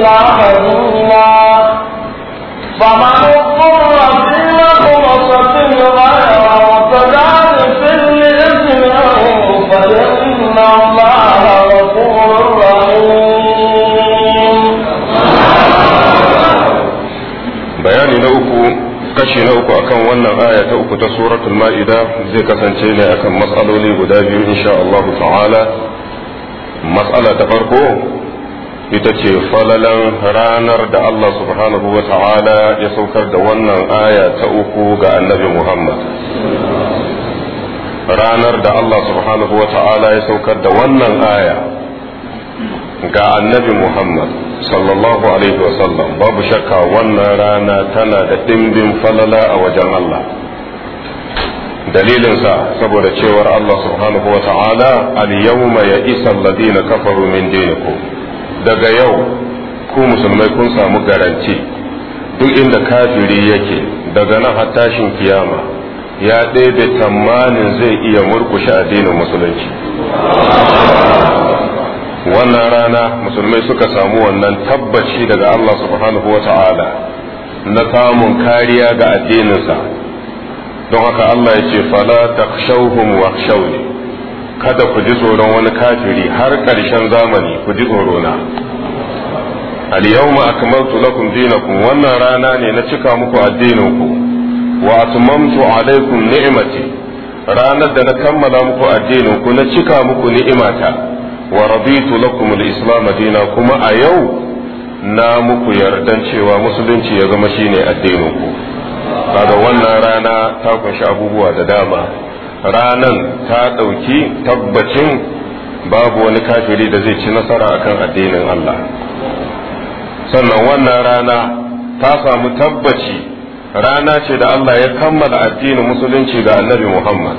الله إلا فمن اضطر في مخلصة غير متجار في الإثم فإن الله غفور رحيم بياني لأكو kashi na uku akan wannan aya ta uku ta suratul ma'ida zai kasance ne akan matsaloli guda biyu insha Allah ta'ala matsala ta farko ita ce falalan ranar da Allah subhanahu wa ta'ala ya saukar da wannan aya ta uku ga annabi Muhammad. Ranar da Allah subhanahu wa ta'ala ya saukar da wannan aya ga annabi Muhammad sallallahu Alaihi wasallam babu shakka wannan rana tana da ɗimbin falala a wajen Allah. dalilinsa saboda cewar Allah subhanahu wa ta'ala al yawma ya isa alladina kafaru min dinikum daga yau ku musulmai kun samu garanti duk inda kafiri yake daga nan har tashin kiyama ya ɗebe tamanin zai iya murkushe addinin musulunci wannan rana musulmai suka samu wannan tabbaci daga Allah subhanahu wa na samun kariya ga addininsa don haka Allah ya ce fala takshawhum wa kada ku ji tsoron wani kafiri har ƙarshen zamani ku ji tsoro al-yawma akmaltu lakum dinakum wannan rana ne na cika muku addininku wa atmamtu alaykum ni'mati ranar da na kammala muku addininku na cika muku ni'imata wa raditu lakum al-islam dina kuma a yau na muku yardan cewa musulunci ya zama shine addininku kaga wannan rana ta kunshi abubuwa da dama ranan ta ɗauki tabbacin babu wani kafiri da zai ci nasara akan addinin Allah sannan wannan rana ta samu tabbaci rana ce da Allah ya kammala addinin musulunci ga annabi Muhammad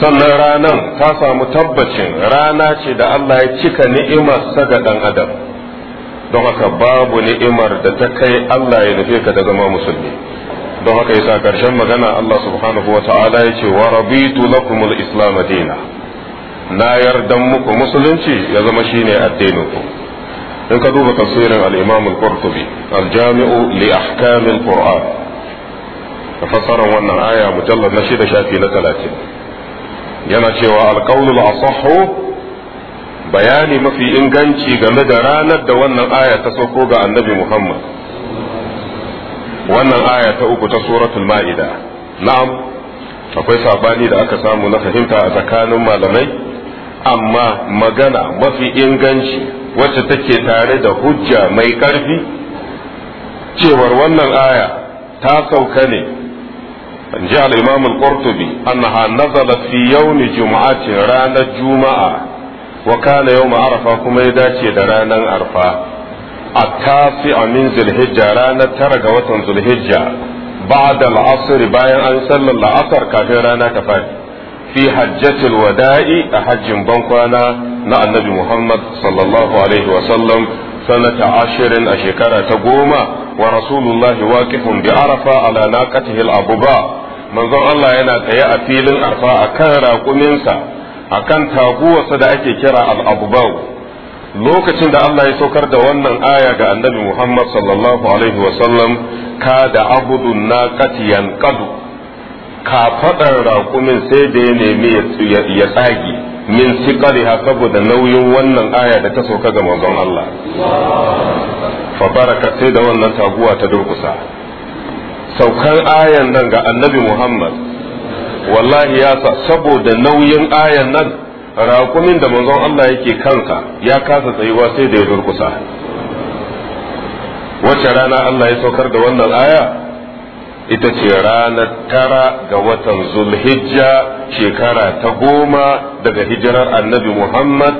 sannan ranan ta samu tabbacin rana ce da Allah ya cika ni'imarsa ga ɗan adam don haka babu ni'imar da ta kai Allah ya nufe ka da zama musulmi don haka yasa karshen magana Allah subhanahu wa ta'ala ya ce wa rabitu lakum al-islam dina na yardan muku musulunci ya zama shine addinin ku in ka duba tafsirin al-imam al-qurtubi al-jami'u li ahkam al-qur'an wannan aya mujallad na shida shafi na 30 yana cewa al-qawlu al-asahhu bayani mafi inganci game da ranar da wannan aya ta sauko ga annabi Muhammad wannan aya ta uku ta suratul ma'ida na'am akwai sabani da aka samu na fahimta a tsakanin malamai amma magana mafi inganci wacce take tare da hujja mai ƙarfi cewar wannan aya ta sauka ne An ji al-imam al-qurtubi annaha nazala fi yawmi jum'ati ranar juma'a wa kana yawma arafa kuma ya dace da ranar arfa a tafi amin zulhijja ranar tara ga watan zulhijja ba'da la'asari bayan an sallar la'asar kafin rana ta fadi fi hajjatul wada'i a hajjin bankwana na annabi muhammad sallallahu alaihi wa sallam sanata ashirin a shekara ta goma wa rasulullahi waqifun bi arafa ala naqatihi al-abuba manzon allah yana tsaye a filin arfa akan raƙuminsa akan taguwarsa da ake kira al lokacin da Allah ya saukar da wannan aya ga annabi Muhammad sallallahu alaihi wa sallam. ka da abudun na katiyan kadu ka fadar raƙumin sai da ya nemi ya tsagi min haka saboda nauyin wannan aya da ta sauka ga manzon Allah Fa baraka sai da wannan taguwa ta durkusa saukar ayan nan ga annabi Muhammad wallahi ya sa saboda nauyin ayan nan Rakumin da manzon Allah yake kanka ya kasa tsayuwa sai da ya durkusa wacce rana Allah ya saukar da wannan aya ita ce ranar tara ga watan zulhijja shekara ta goma daga hijirar annabi Muhammad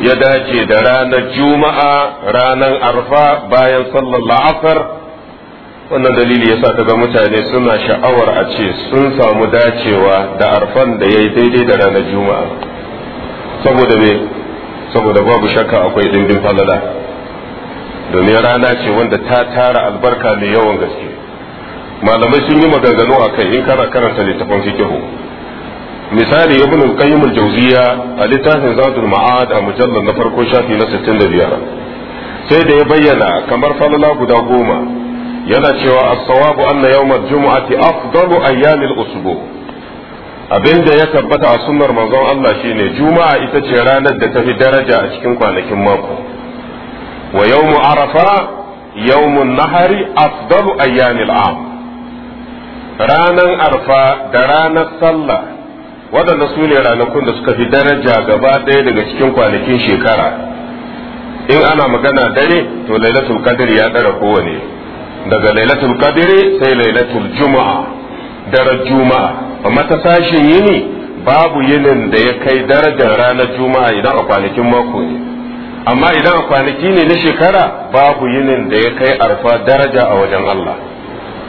ya dace da ranar juma'a ranar arfa bayan sallar la'asar wannan dalili yasa ta ga mutane suna sha'awar a ce sun samu dacewa da arfan da ya yi daidai da ranar juma'a saboda me saboda babu shakka akwai dindin falala domin rana ce wanda ta tara albarka mai yawan gaske malamai sun yi maganganu a kai in kana karanta littafin fikihu misali ya al-qayyim al a littafin zadul ma'ad a mujallar na farko shafi na 65 sai da ya bayyana kamar falala guda goma yana cewa as-sawabu anna yawm al-jum'ati afdalu ayyamil usbu' Abin da ya tabbata a sunnar manzon Allah shine juma'a ita ce ranar da ta fi daraja a cikin kwanakin mako wa yawmu arafa yawmun nahari afdalu ayyamil am ranan arfa da ranar sallah waɗanda su ne ranakun da suka fi daraja gaba ɗaya daga cikin kwanakin shekara in ana magana dare to lailatul qadr ya ɗara kowane daga lailatul qadr sai lailatul juma'a daren juma'a Mata sashin yini babu yinin da ya kai darajar ranar juma'a idan a kwanakin mako ne amma idan a kwanaki ne na shekara babu yinin da ya kai arfa daraja a wajen Allah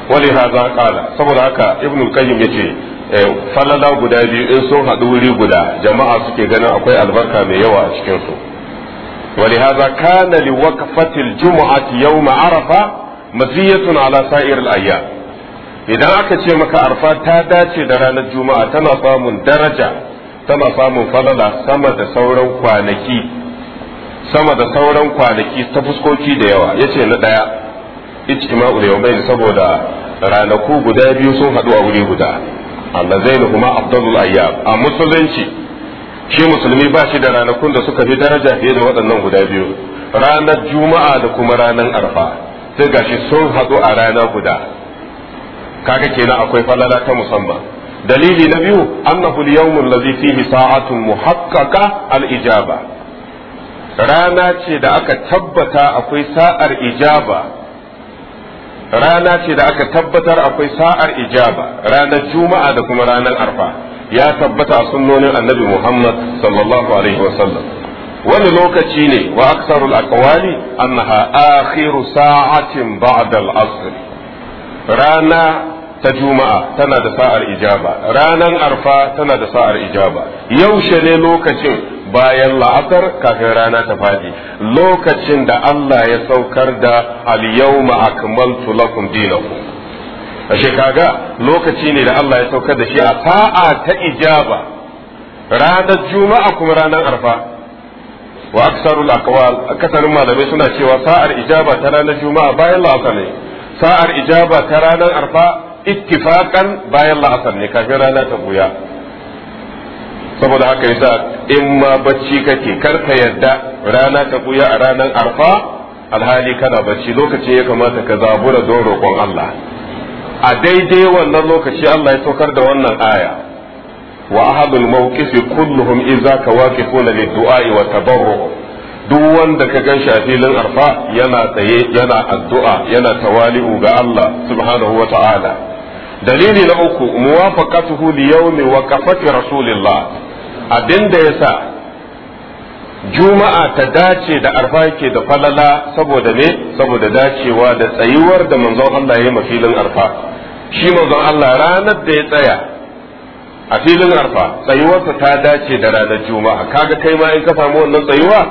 wali haza kala saboda haka ibnu qayyim yace eh, falala guda biyu in sun haɗu wuri guda jama'a suke ganin akwai albarka mai yawa a cikin su wali haza kana li waqfatil jumu'ati yawm arafa maziyatun ala sa'iril ayyam idan aka ce maka arfa ta dace da ranar juma'a tana samun daraja tana samun falala sama da sauran kwanaki sama da sauran kwanaki ta fuskoki da yawa ya ce na daya ijtima'u yawmayn saboda ranaku guda biyu sun haɗu a wuri guda Allah allazainu kuma Abdul ayyab a musulunci shi musulmi ba shi da ranakun da suka fi daraja fiye da waɗannan guda biyu ranar juma'a da kuma ranar arfa sai gashi sun haɗu a rana guda kaga kenan akwai falala ta musamman dalili na biyu annahu al-yawmul ladhi fihi sa'atun muhaqqaqa al-ijaba rana ce da aka tabbata akwai sa'ar ijaba rana ce da aka tabbatar akwai sa'ar ijaba ranar juma'a da kuma ranar arfa ya tabbata a sunnonin annabi muhammad sallallahu alaihi wasallam wani lokaci ne wa aksarul aqwali annaha akhiru sa'atin ba'da al-asr rana ta juma'a tana da sa'ar ijaba ranan arfa tana da sa'ar ijaba yaushe ne lokacin bayan la'asar kafin rana ta fadi lokacin da Allah ya saukar da al-yawma akmaltu lakum dinakum ashe kaga lokaci ne da Allah ya saukar da shi a sa'a ta ijaba ranar juma'a kuma ranar arfa wa aksarul aqwal akasarun malamai suna cewa sa'ar ijaba ta ranar juma'a bayan la'asar ne sa'ar ijaba ta ranar arfa ittifaqan bayan la'asar ne kafin rana ta buya saboda haka yasa in ma bacci kake karka yadda rana ta buya a ranar arfa alhali kana bacci lokaci ya kamata ka zabura don roƙon Allah a daidai wannan lokaci Allah ya saukar da wannan aya wa ahadul mawqifi kulluhum idza kawaqifuna lid-du'a wa tabarru' duk wanda ka gan a filin arfa yana tsaye yana addu'a yana tawali'u ga Allah subhanahu wa ta'ala dalili na uku muwafaqatuhu li yawmi waqafati rasulillah abinda yasa juma'a ta dace da arfa yake da falala saboda ne saboda dacewa da tsayuwar da manzon Allah ya yi filin arfa shi manzon Allah ranar da ya tsaya a filin arfa tsayuwarsa ta dace da ranar juma'a kaga kai ma in ka samu wannan tsayuwa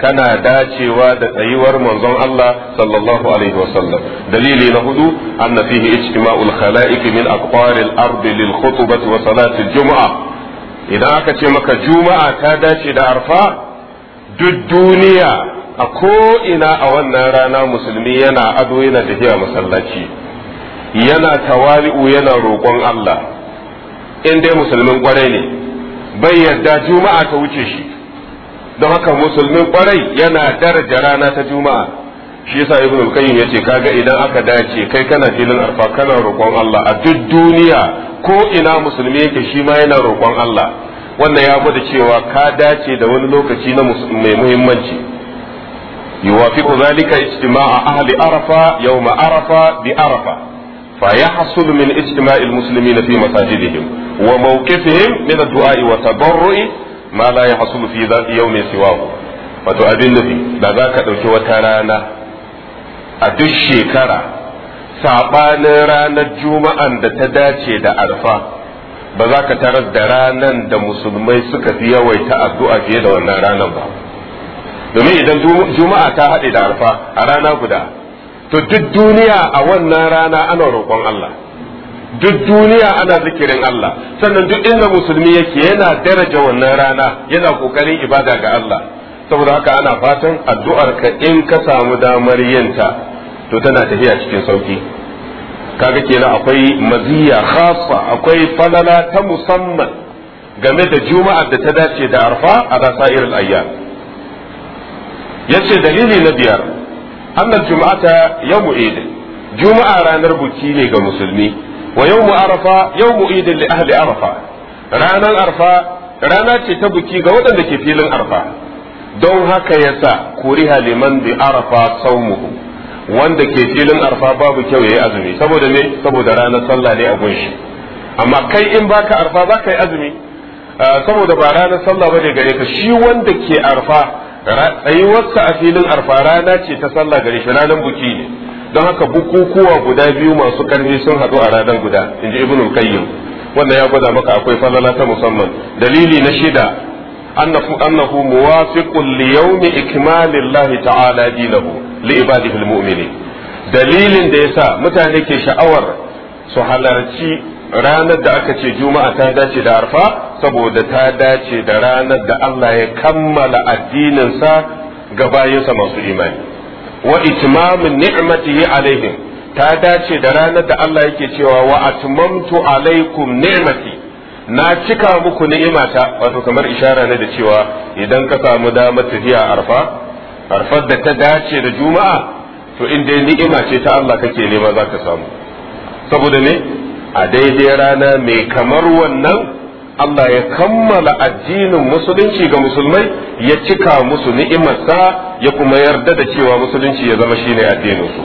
kana dacewa da tsayuwar manzon Allah sallallahu alaihi wasallam dalili na hudu anna fihi ijtima'ul khala'iq min aqwaril ard lil khutbati wa al-jum'a idan aka ce maka juma'a ta dace da arfa duk duniya a ko ina a wannan rana musulmi yana ado yana tafiya masallaci yana tawali'u yana roƙon Allah in dai musulmin kwarai ne bai yarda juma'a ta wuce shi don haka musulmin kwarai yana daraja rana ta juma'a shi yasa ibnu ya ce yace kaga idan aka dace kai kana filin arfa kana roƙon Allah a duk duniya ko ina musulmi yake shi ma yana roƙon Allah wannan ya gwada cewa ka dace da wani lokaci na mai muhimmanci yuwafiqu zalika ijtima'a ahli arafa yawma arafa bi arafa فيحصل من اجتماع المسلمين في مساجدهم وموقفهم من الدعاء والتضرع ma la yahsulu fi mai siwahu wato abin nufi da za ka ɗauki wata rana a duk shekara saɓanin ranar juma'an da ta dace da arfa ba za ka tarar da ranar da musulmai suka fi yawaita addu'a fiye da wannan ranar ba domin idan juma'a ta haɗe da arfa a rana guda to duk duniya a wannan rana ana roƙon Allah duk duniya ana zikirin Allah sannan duk inda musulmi yake yana daraja wannan rana yana kokarin ibada ga Allah saboda haka ana fatan addu'ar ka in ka samu damar yinta to tana tafiya cikin sauki kaga kenan akwai maziya khassa akwai falala ta musamman game da juma'ar da ta dace da arfa a rasa'ir al-ayyam yace dalili na biyar annal juma'ata yawmu eid juma'a ranar buki ne ga musulmi wa yawmu arafa yawmu idin li ahli arafa ranar arfa rana ce ta buki ga waɗanda ke filin arfa don haka yasa kuriha liman bi arafa saumuhu wanda ke filin arfa babu kyau yayi azumi saboda me saboda ranar sallah ne a gunshi amma kai in baka arfa zaka yi azumi ah, saboda ba ranar sallah bane gare ka shi wanda ke arfa tsayuwarsa a filin arfa rana ce ta sallah gare shi ranar buki ne don haka bukukuwa guda biyu masu karfi sun haɗu a ranar guda in ji ibnul qayyim Wanda ya gwada maka akwai falala ta musamman dalili na shida annahu muwafiqun li yawmi ikmalillahi ta'ala dinahu li ibadihi almu'minin dalilin da yasa mutane ke sha'awar su halarci ranar da aka ce juma'a ta dace da arfa saboda ta dace da ranar da Allah ya kammala addininsa ga bayinsa masu imani wa itmamu ni'matihi alaihim ta dace da ranar da Allah yake cewa wa atmamtu alaikum ni'mati na cika muku ni'imata wato kamar ishara ne da cewa idan ka samu damar tafiya arfa arfar da ta dace da juma'a to inda ni'ima ce ta Allah kake nema za ka samu saboda ne a daidai rana mai kamar wannan Allah ya kammala addinin musulunci ga musulmai ya cika musu ni'imarsa ya kuma yarda da cewa musulunci ya zama shine addinin su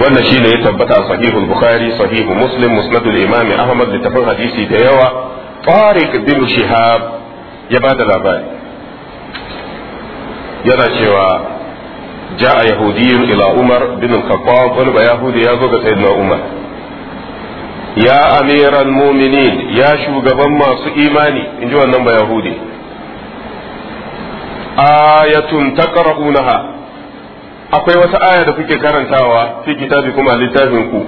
wannan shine ya tabbata a sahihul bukhari sahihu muslim musnadul imam ahmad littafin hadisi da yawa tariq bin shihab ya bada labari yana cewa ila umar bin al-khattab الخطاب ولما يهودي ga سيدنا Umar. ya amiran muminin ya shugaban masu imani in ji wannan ba yahudi ayatun taqra'unaha akwai wata aya da kuke karantawa fi kitabi kuma littafin ku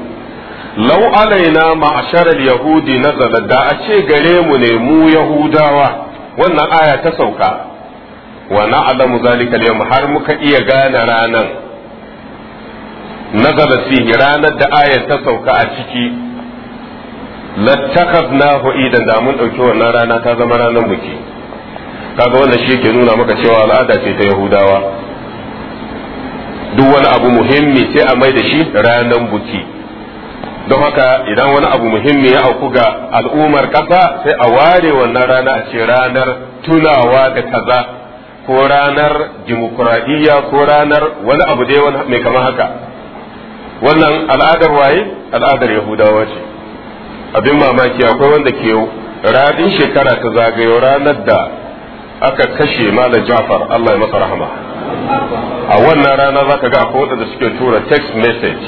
Laualai alaina maasharar al-yahudi nazala da a ce gare mu ne mu yahudawa wannan aya ta sauka wa na'lamu zalika al har muka iya gane ranan nazala fihi ranar da ayar ta sauka a ciki lattakhadnahu idan da mun dauki wannan rana ta zama ranar biki kaga wannan shi ke nuna maka cewa al'ada ce ta yahudawa duk wani abu muhimmi sai a mai da shi ranar buki don haka idan wani abu muhimmi ya auku ga al'ummar kasa sai a ware wannan rana a ce ranar tunawa da kaza ko ranar dimokuraɗiyya ko ranar wani abu dai mai kama haka wannan al'adar waye al'adar yahudawa ce abin mamaki akwai wanda ke radin shekara ta zagayo ranar da aka kashe malam jafar Allah ya masa rahama a wannan rana za ka ga akwai waɗanda suke tura text message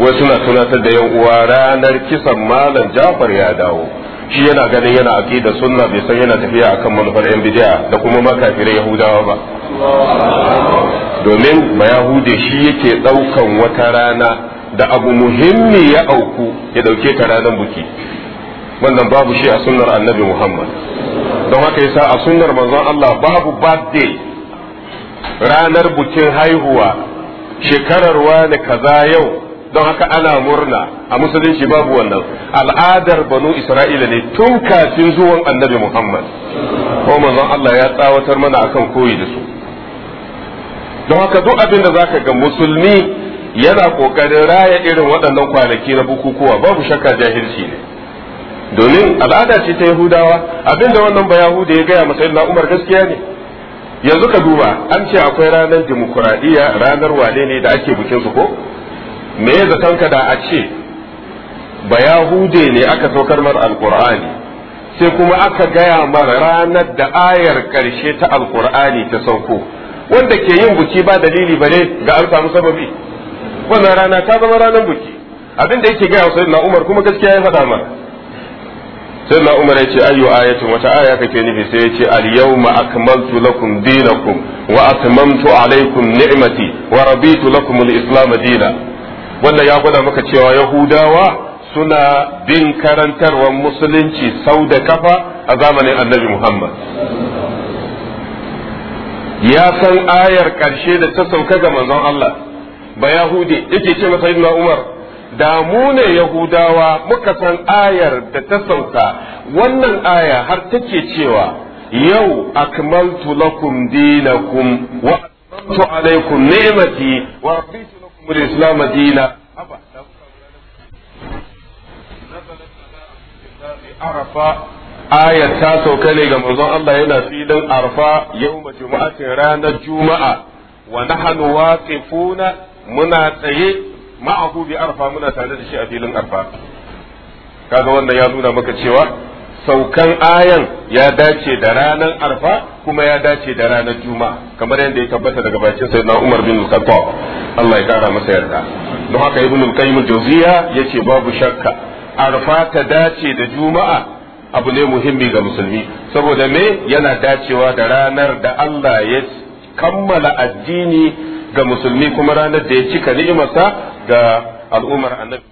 wai suna tunatar da yan uwa ranar kisan malam jafar ya dawo shi yana ganin yana aqida sunna bai san yana tafiya akan manufar yan bidiya da kuma ma kafirai yahudawa ba domin ma yahude shi yake daukan wata rana da abu muhimmi ya auku ya dauke ta ranar buki wannan babu shi a sunnar annabi muhammad don haka yasa a sunnar manzon Allah babu birthday ranar bukin haihuwa shekarar wani kaza yau don haka ana murna a musulunci babu wannan al'adar banu isra'ila ne tun kafin zuwan annabi muhammad ko manzon Allah ya tsawatar mana akan koyi da su don haka duk abin da zaka ga musulmi yana kokarin raya irin waɗannan kwanaki na bukukuwa babu shakka jahilci ne domin al'ada ce ta yahudawa abinda wannan ba yahuda ya gaya masa na umar gaskiya ne yanzu ka duba an ce akwai ranar dimokuraɗiyya ranar wane ne da ake bikin su ko me ya zaton ka da a ce ba yahude ne aka saukar mar alkur'ani sai kuma aka gaya mar ranar da ayar karshe ta alkur'ani ta sauko wanda ke yin buki ba dalili bane ga an samu sababi wannan rana ta zama ranar buki abin da yake gaya wa sayyidina Umar kuma gaskiya ya faɗa mana sayyidina Umar ya ce ayyu ayatin wata aya kake nufi sai ya ce al yawma akmaltu lakum dinakum wa atmamtu alaykum ni'mati wa raditu lakum al islam dina wannan ya gwada maka cewa yahudawa suna bin karantarwar musulunci sau da kafa a zamanin annabi Muhammad ya san ayar ƙarshe da ta sauka ga manzon Allah ba yahudi yake ce masa Ibn umar da mu ne yahudawa muka san ayar da ta sauka wannan aya har take cewa yau akmaltu lakum dinakum wa atmamtu alaykum ni'mati wa raditu lakum al-islam dina arafa ta sauka ne ga manzon Allah yana filin arfa yau juma'atin ranar juma'a wa nahnu waqifuna muna tsaye ma'ahu bi arfa muna tare da shi a filin arfa kaga wannan ya nuna maka cewa saukan ayan ya dace da ranar arfa kuma ya dace da ranar juma'a kamar yadda ya tabbata daga bakin sayyidina umar bin khattab Allah ya kara masa yarda don haka ibn al-qayyim al-jawziya yace babu shakka arfa ta dace da juma'a abu ne muhimmi ga musulmi saboda me yana dacewa da ranar da Allah ya kammala addini ga musulmi kuma ranar da ya cika ni'imarsa ga al'ummar annabi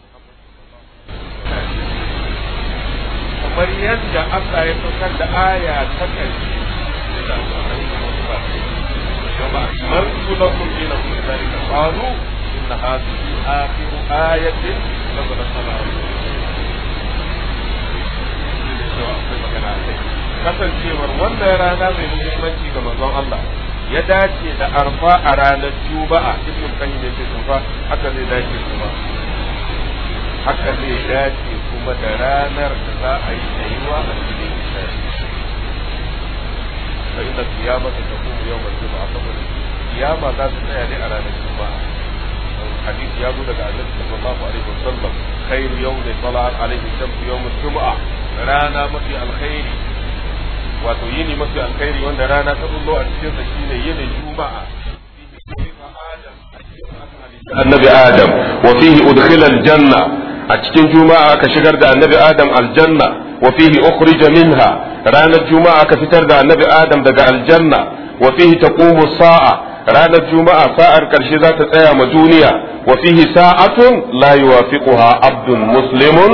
kamar yadda Allah ya saukar da aya ta ƙarshe أكملت لكم دينكم ذلك قالوا إن هذه آخر آية نزلت على kasancewar wannan rana mai muhimmanci ga manzon Allah ya dace da arfa a ranar juma'a ibn qayyim yake kuma haka zai dace kuma haka zai dace kuma da ranar da za a yi tsayuwa a cikin isra'i sai da kiyama ta mu yau ba juma'a saboda kiyama za su tsaya ne a ranar juma'a الحديث يقول لك النبي صلى الله عليه وسلم خير يوم طلعت عليه الشمس يوم الجمعة rana mafi alkhairi wato yini mafi alkhairi wanda rana ta bullo a cikin sa shine yinin juma'a annabi adam wa fihi udkhila aljanna a cikin juma'a aka shigar da annabi adam aljanna wa fihi ukhrija minha ranar juma'a aka fitar da annabi adam daga aljanna wa fihi taqumu sa'a ranar juma'a sa'ar karshe za ta tsaya ma duniya wa fihi sa'atun la yuwafiquha abdun muslimun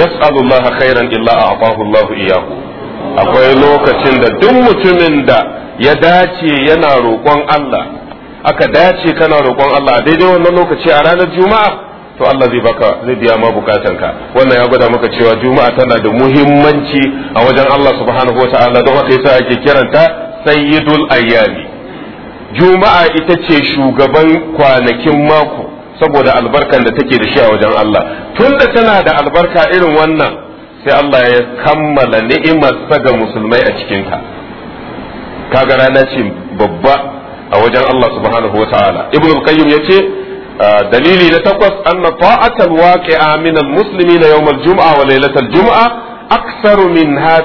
yas'alu Allah khairan illa a'tahu Allah iyyahu akwai lokacin da duk mutumin da ya dace yana roƙon Allah aka dace kana roƙon Allah daidai wannan lokaci a ranar juma'a to Allah zai baka zai biya ma ka. wannan ya gwada maka cewa juma'a tana da muhimmanci a wajen Allah subhanahu wataala don haka yasa ake kiranta sayyidul ayyami juma'a ita ce shugaban kwanakin mako saboda albarkan da take da shi a wajen Allah tunda tana da albarka irin wannan sai Allah ya kammala ni'imarsa ga musulmai a cikinta kaga rana ce babba a wajen Allah subhanahu wa ta'ala ibn al-qayyim yace dalili na takwas anna ta'atul waqi'a min al-muslimina yawm al-jum'a wa laylat al-jum'a akthar minha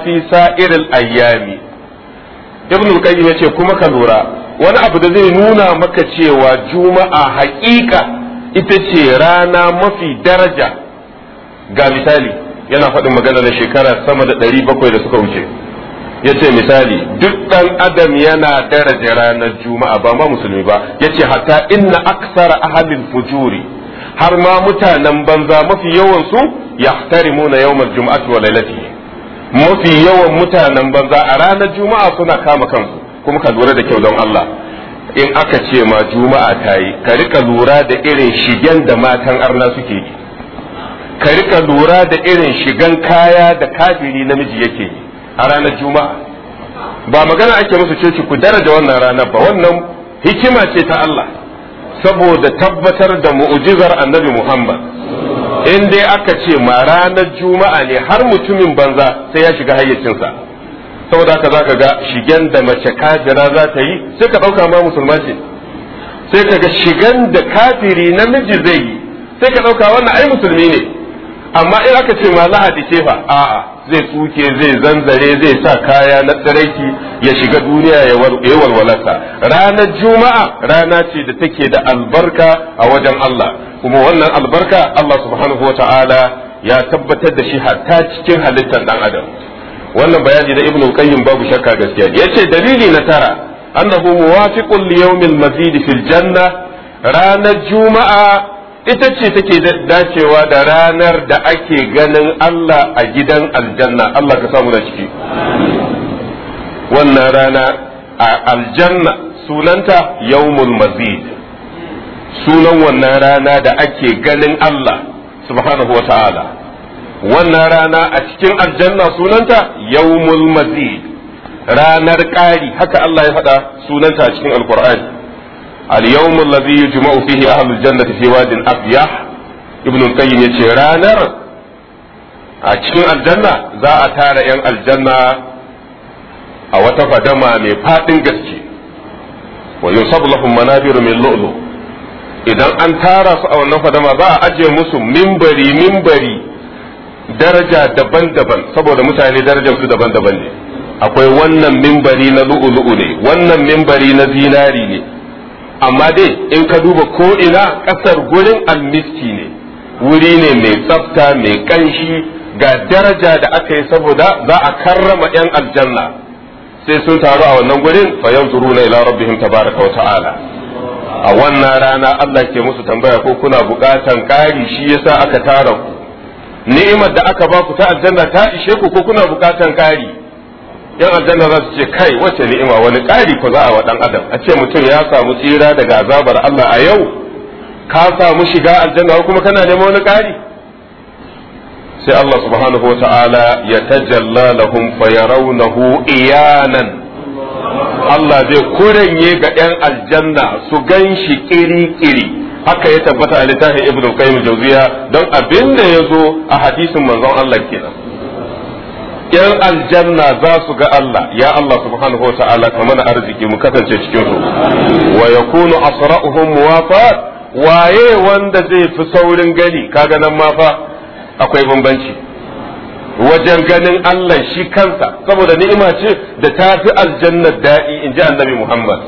ibn yace kuma ka lura wani abu da zai nuna maka cewa juma'a hakika ita ce rana mafi daraja ga misali yana faɗin magana na shekara sama da ɗari bakwai da suka wuce ya ce misali duk ɗan adam yana daraja ranar juma'a ba ma musulmi ba ya ce hatta inna aksara ahalin fujuri har ma mutanen banza mafi yawansu ya tarimuna yawmar juma'atu wa lailatihi mafi yawan mutanen banza a ranar juma'a suna kama kansu kuma ka lura da kyau don Allah in aka ce ma juma'a ta yi ka rika lura da irin shigen da matan arna suke yi ka rika lura da irin shigan kaya da kafiri namiji yake yi a ranar juma'a ba magana ake musu ce ku daraja wannan ranar ba wannan hikima ce ta Allah saboda tabbatar da mu'ujizar annabi Muhammad in dai aka ce ma ranar juma'a ne har mutumin banza sai ya shiga hayyacinsa saboda haka zaka ga shigen da mace kafira za ta yi sai ka dauka ma musulma ce sai ka ga shigan da kafiri namiji zai yi sai ka dauka wannan ai musulmi ne amma in aka ce ma lahadi ce fa a'a zai tsuke zai zanzare zai sa kaya na tsiraiki ya shiga duniya ya walwalarsa ranar juma'a rana ce da take da albarka a wajen Allah kuma wannan albarka Allah subhanahu wa ta'ala ya tabbatar da shi hatta cikin halittar dan adam wannan bayani da ibnu qayyim babu shakka gaskiya yace dalili na tara annahu muwafiqun li yawmil mazid fil janna ranar juma'a ita ce take dacewa da ranar da ake ganin Allah a gidan aljanna Allah ka samu da ciki wannan rana a aljanna sunanta yawmul mazid sunan wannan rana da ake ganin Allah subhanahu wa ta'ala wannan rana a cikin aljanna sunanta yawmul mazid ranar ƙari haka Allah ya faɗa sunanta a cikin alkur'ani al-yawm alladhi yujma'u fihi ahlul jannati fi wadin abyah ibn qayyim yace ranar a cikin aljanna za a tara yan aljanna a wata fadama mai fadin gaske wa yusabu lahum min lu'lu idan an tara su a wannan fadama za a ajiye musu mimbari mimbari daraja daban-daban saboda mutane darajar su daban-daban ne akwai wannan mimbari na lu'ulu'u ne wannan mimbari na zinari ne amma dai in ka duba ko ina kasar gurin almiski ne wuri ne mai tsafta mai kanshi ga daraja da aka yi saboda za a karrama yan aljanna sai sun taru a wannan gurin fa na ila rabbihim tabaraka wa ta'ala a wannan rana Allah ke musu tambaya ko kuna bukatan kari shi yasa aka tara ku ni'imar da aka ba ku ta aljanna ta ishe ku ko kuna bukatan kari yan aljanna za su ce kai wace ni'ima wani ƙari ko za a wa ɗan adam a ce mutum ya samu tsira daga azabar Allah a yau ka samu shiga aljanna kuma kana neman wani ƙari sai Allah subhanahu wata'ala ya tajalla lahum fa yarawnahu iyanan Allah zai kuranye ga yan aljanna su ganshi kiri-kiri haka ya tabbata a littafin ibnu Qayyim Jawziya don abin da ya zo a hadisin manzon Allah kenan yan aljanna za su ga Allah ya Allah subhanahu wata'ala ka mana arziki mu kasance cikin su wa yakunu asra'uhum muwafat waye wanda zai fi saurin gani kaga nan ma fa akwai bambanci wajen ganin Allah shi kansa saboda ni'ima ce da ta fi aljanna daɗi in ji annabi Muhammad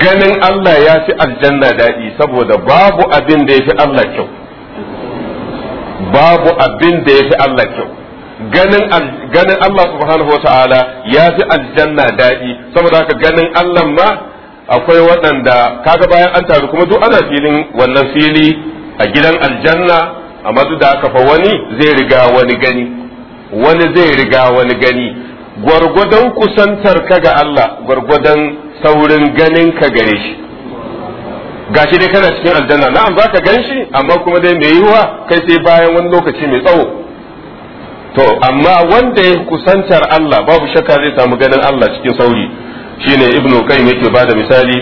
ganin Allah ya fi aljanna daɗi saboda babu abin da ya Allah kyau babu abin da ya fi Allah kyau ganin ganin Allah subhanahu wataala ya fi aljanna daɗi saboda haka ganin Allah ma akwai waɗanda kaga bayan an taru kuma duk ana filin wannan fili a gidan aljanna amma duk da aka fa wani zai riga wani gani wani zai riga wani gani gwargwadon kusantar ka ga Allah gwargwadon saurin ganin ka gare shi gashi dai kana cikin aljanna na'am zaka gan shi amma kuma dai mai yiwuwa kai sai bayan wani lokaci mai tsawo to amma wanda ya kusantar Allah babu shakka zai samu ganin Allah cikin sauri shine ibnu qayyim yake da misali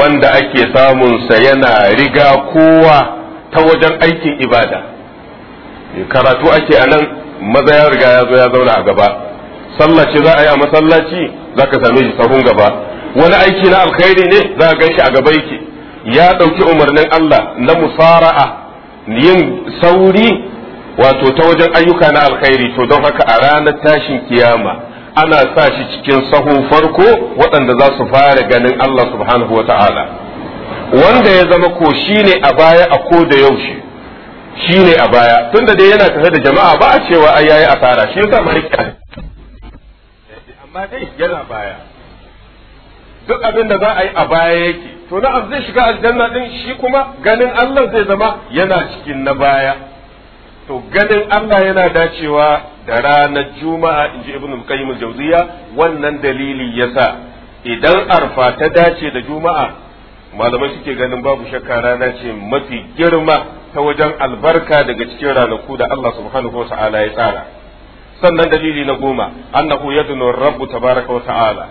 wanda ake samun sa yana riga kowa ta wajen aikin ibada karatu ake a nan maza ya riga ya zo ya zauna a gaba sallah ce za a yi a masallaci zaka same shi sahun gaba wani aiki na alkhairi ne za ka shi a gaba yake ya ɗauki umarnin Allah na musara'a yin sauri wato ta wajen ayyuka na alkhairi to don haka a ranar tashin kiyama ana sa shi cikin sahu farko waɗanda za su fara ganin Allah subhanahu wa ta'ala wanda ya zama ko shine a baya a ko da yaushe shine a baya tunda dai yana tare da jama'a ba a cewa ai yayi asara shi yasa malika amma dai yana baya duk abin da za a yi a baya yake to na zai shiga aljanna din shi kuma ganin Allah zai zama yana cikin na baya to ganin Allah yana dacewa da ranar juma'a in ji ibn qayyim jawziya wannan dalili yasa idan arfa ta dace da juma'a malamai suke ganin babu shakka rana ce mafi girma ta wajen albarka daga cikin ranaku da Allah subhanahu wa ta'ala ya tsara sannan dalili na goma annahu yadnu rabbu tabaraka wa ta'ala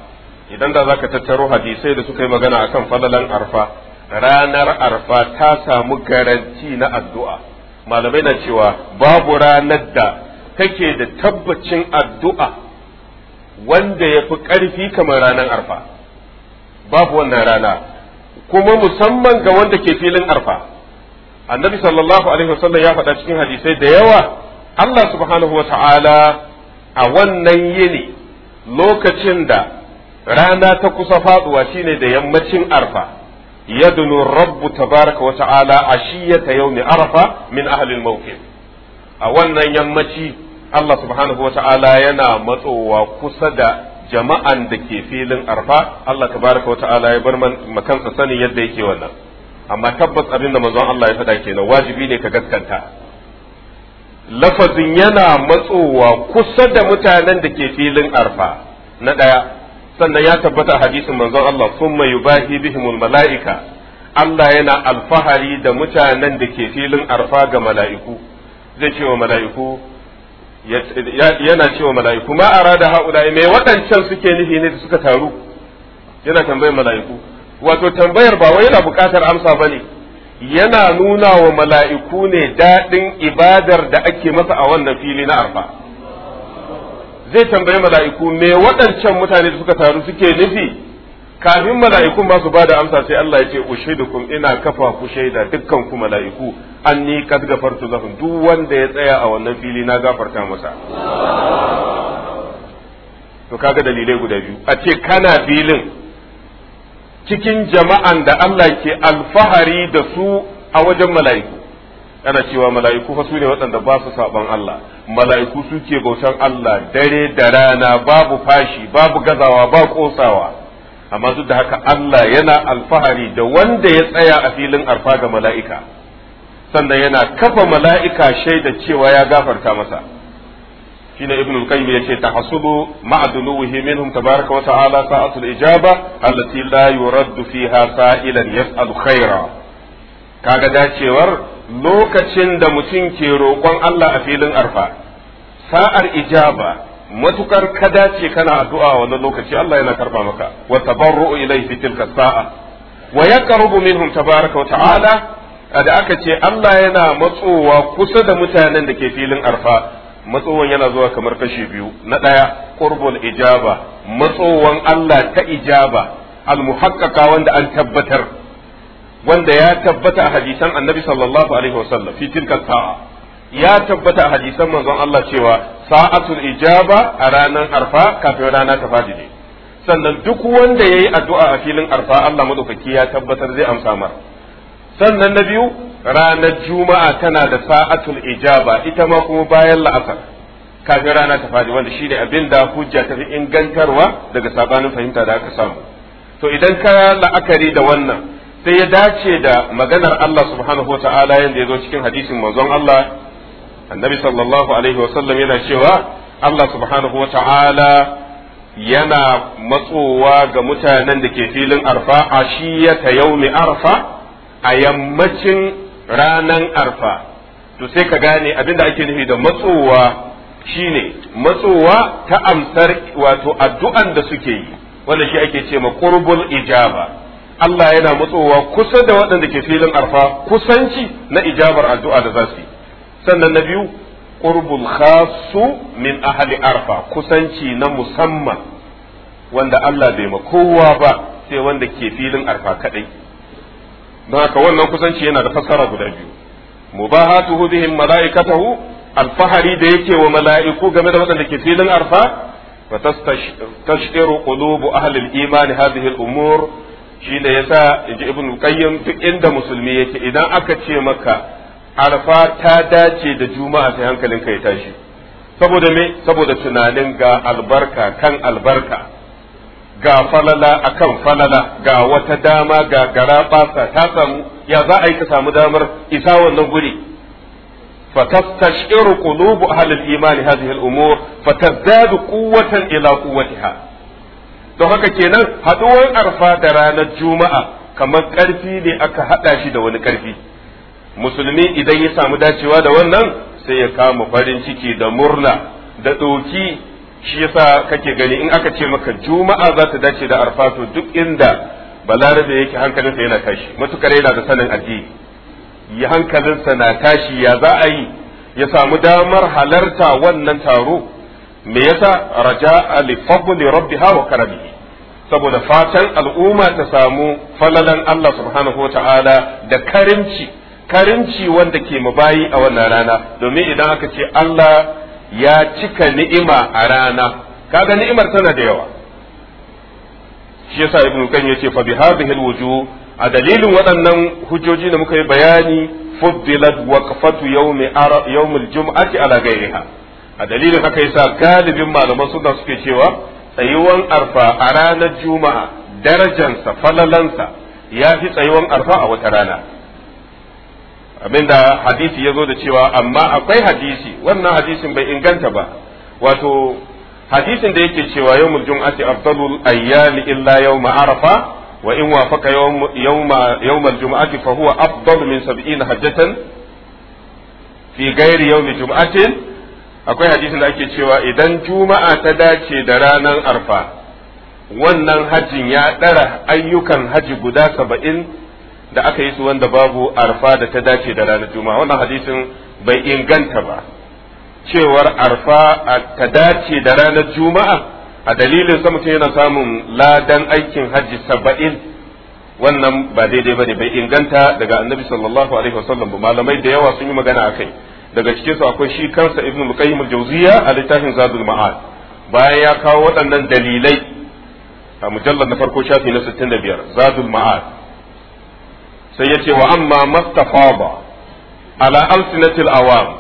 idan da zaka tattaro hadisai da suka yi magana akan falalan arfa ranar arfa ta samu garanti na addu'a malamai na cewa babu ranar da kake da tabbacin addu'a wanda ya fi ƙarfi kamar ranar arfa babu wannan rana kuma musamman ga wanda ke filin arfa annabi sallallahu alaihi wasallam ya faɗa cikin hadisai da yawa Allah subhanahu wa ta'ala a wannan yini lokacin da rana ta kusa faɗuwa shine da yammacin arfa Yadunu rabbu tabaraka wa ta'ala ashiyata yawmi arafa min ahli al-mawqif a wannan yammaci Allah subhanahu wa ta'ala yana matsowa kusa da jama'an da ke filin arfa Allah tabaraka wa ta'ala ya bar makansa sanin yadda yake wannan amma tabbas abin da manzon Allah ya faɗa kenan wajibi ne ka gaskanta lafazin yana matsowa kusa da mutanen da ke filin arfa na ɗaya sannan ya tabbata hadisin manzon Allah mai yubahi bihimul mala'ika Allah yana alfahari da mutanen da ke filin arfa ga mala'iku zai ce wa mala'iku yana ce wa mala'iku ma arada haula mai waɗancan suke nufi ne da suka taru yana tambayar mala'iku wato tambayar ba wai yana buƙatar amsa bane yana nuna wa mala'iku ne daɗin ibadar da ake masa a wannan fili na arfa zai tambayi mala'iku me waɗancan mutane da suka taru suke nufi kafin mala'ikun ba su bada amsa sai Allah ya ce ushidukum ina kafa ku shaida dukkan ku mala'iku anni kad gafartu lahum duk wanda ya tsaya a wannan fili na gafarta masa to kaga dalilai guda biyu a ce kana filin cikin jama'an da Allah ke alfahari da su a wajen mala'iku ana cewa mala'iku fa su ne waɗanda ba su saban Allah mala'iku su ke bautan Allah dare da rana babu fashi babu gazawa ba kosawa amma duk da haka Allah yana alfahari da wanda ya tsaya a filin arfa ga mala'ika sannan yana kafa mala'ika shaida cewa ya gafarta masa shine ibn al-qayyim yace tahasubu ma'dunuhu minhum tabaraka wa ta'ala sa'atul ijaba allati la yuraddu fiha sa'ilan yas'alu khaira kaga dacewar lokacin da mutum ke roƙon Allah a filin arfa sa'ar ijaba matukar ka dace kana addu'a wani lokaci Allah yana karba maka wa tabarru'u ilayhi fi tilka sa'a wa yaqrubu minhum tabaraka wa ta'ala da aka ce Allah yana matsowa kusa da mutanen da ke filin arfa matsowan yana zuwa kamar kashi biyu na ɗaya qurbul ijaba matsowan Allah ta ijaba al muhaqqaqa wanda an tabbatar wanda ya tabbata a hadisan annabi sallallahu alaihi wasallam fi tilka sa'a ya tabbata a hadisan manzon Allah cewa sa'atul ijaba a ranar arfa kafin rana ta fadi ne sannan duk wanda yayi addu'a a filin arfa Allah madaukaki ya tabbatar zai amsa mar sannan na biyu ranar juma'a tana da sa'atul ijaba ita ma kuma bayan la'asar kafin rana ta fadi wanda shine abin da hujja ta fi ingantarwa daga sabanin fahimta da aka samu to idan ka la'akari da wannan sai ya dace da maganar Allah subhanahu wa ta'ala yadda ya zo cikin hadisin manzon Allah annabi sallallahu alaihi wasallam yana cewa Allah subhanahu wa ta'ala yana matsowa ga mutanen da ke filin arfa a ta yaumi arfa a yammacin ranan arfa to sai ka gane abinda ake nufi da matsowa shine matsowa ta amsar wato addu'an da suke yi wanda shi ake ce ma qurbul ijaba Allah yana matsowa kusa da waɗanda ke filin arfa kusanci na ijabar addu'a da za su yi sannan na biyu qurbul khasu min ahli arfa kusanci na musamman wanda Allah bai ma kowa ba sai wanda ke filin arfa kaɗai. don haka wannan kusanci yana da fassara guda biyu mubahatuhu bihim malaikatahu alfahari da yake wa mala'iku game da waɗanda ke filin arfa فتستشعر قلوب أهل الإيمان هذه umur shi da ya yasa yaji ibn qayyim duk inda musulmi yake idan aka ce maka arfa ta dace da juma'a sai ka ya tashi saboda me saboda tunanin ga albarka kan albarka ga falala akan falala ga wata dama ga gara ta samu ya za a yi ka samu damar isa wannan guri فتستشعر قلوب أهل الإيمان هذه الأمور فتزداد قوة إلى قوتها don haka kenan haɗuwar arfa da ranar juma'a kamar karfi ne aka haɗa shi da wani karfi musulmi idan ya samu dacewa da wannan sai ya kama farin ciki da murna da ɗoki shi yasa kake gani in aka ce maka juma'a za ta dace da arfa to duk inda balarabe yake hankalinsa yana tashi matukar yana da sanin addini ya hankalinsa na tashi ya za a yi ya samu damar halarta wannan taro me yasa raja ali fadli rabbiha wa karamihi saboda fatan al'umma ta samu falalan Allah subhanahu wa da karimci karimci wanda ke mabayi a wannan rana domin idan aka ce Allah ya cika ni'ima a rana kaga ni'imar tana da yawa shi yasa ibnu kan yace fa bi hadhihi alwujuh a dalilin waɗannan hujjoji da muka yi bayani fuddilat waqfatu yawmi yawmil jum'ati ala ghayriha a dalilin haka yasa galibin malaman suna suke cewa tsayuwan arfa a ranar juma'a darajansa falalansa ya fi tsayuwan arfa a wata rana abinda hadisi ya zo da cewa amma akwai hadisi wannan hadisin bai inganta ba wato hadisin da yake cewa yawmul jum'ati afdalul ayyami illa yau arafa wa in wafaqa yawm yawmal fa huwa afdalu min sab'in hajjatan fi ghairi yawmi akwai hadisin da ake cewa idan juma'a ta dace da ranar arfa wannan hajjin ya ɗara ayyukan haji guda saba'in da aka yi su wanda babu arfa da ta dace da ranar juma'a wannan hadisin bai inganta ba cewar arfa ta dace da ranar juma'a a dalilin sa mutum yana samun ladan aikin haji saba'in wannan ba daidai ba ne bai inganta daga annabi sallallahu alaihi wasallam ba malamai da yawa sun yi magana a kai daga cikin su akwai shi kansa ibnu al-qayyim al a littafin zadul ma'ad bayan ya kawo waɗannan dalilai a mujallar na farko shafi na 65 zadul ma'ad sai ya ce wa amma mastafaba ala alsinatil awam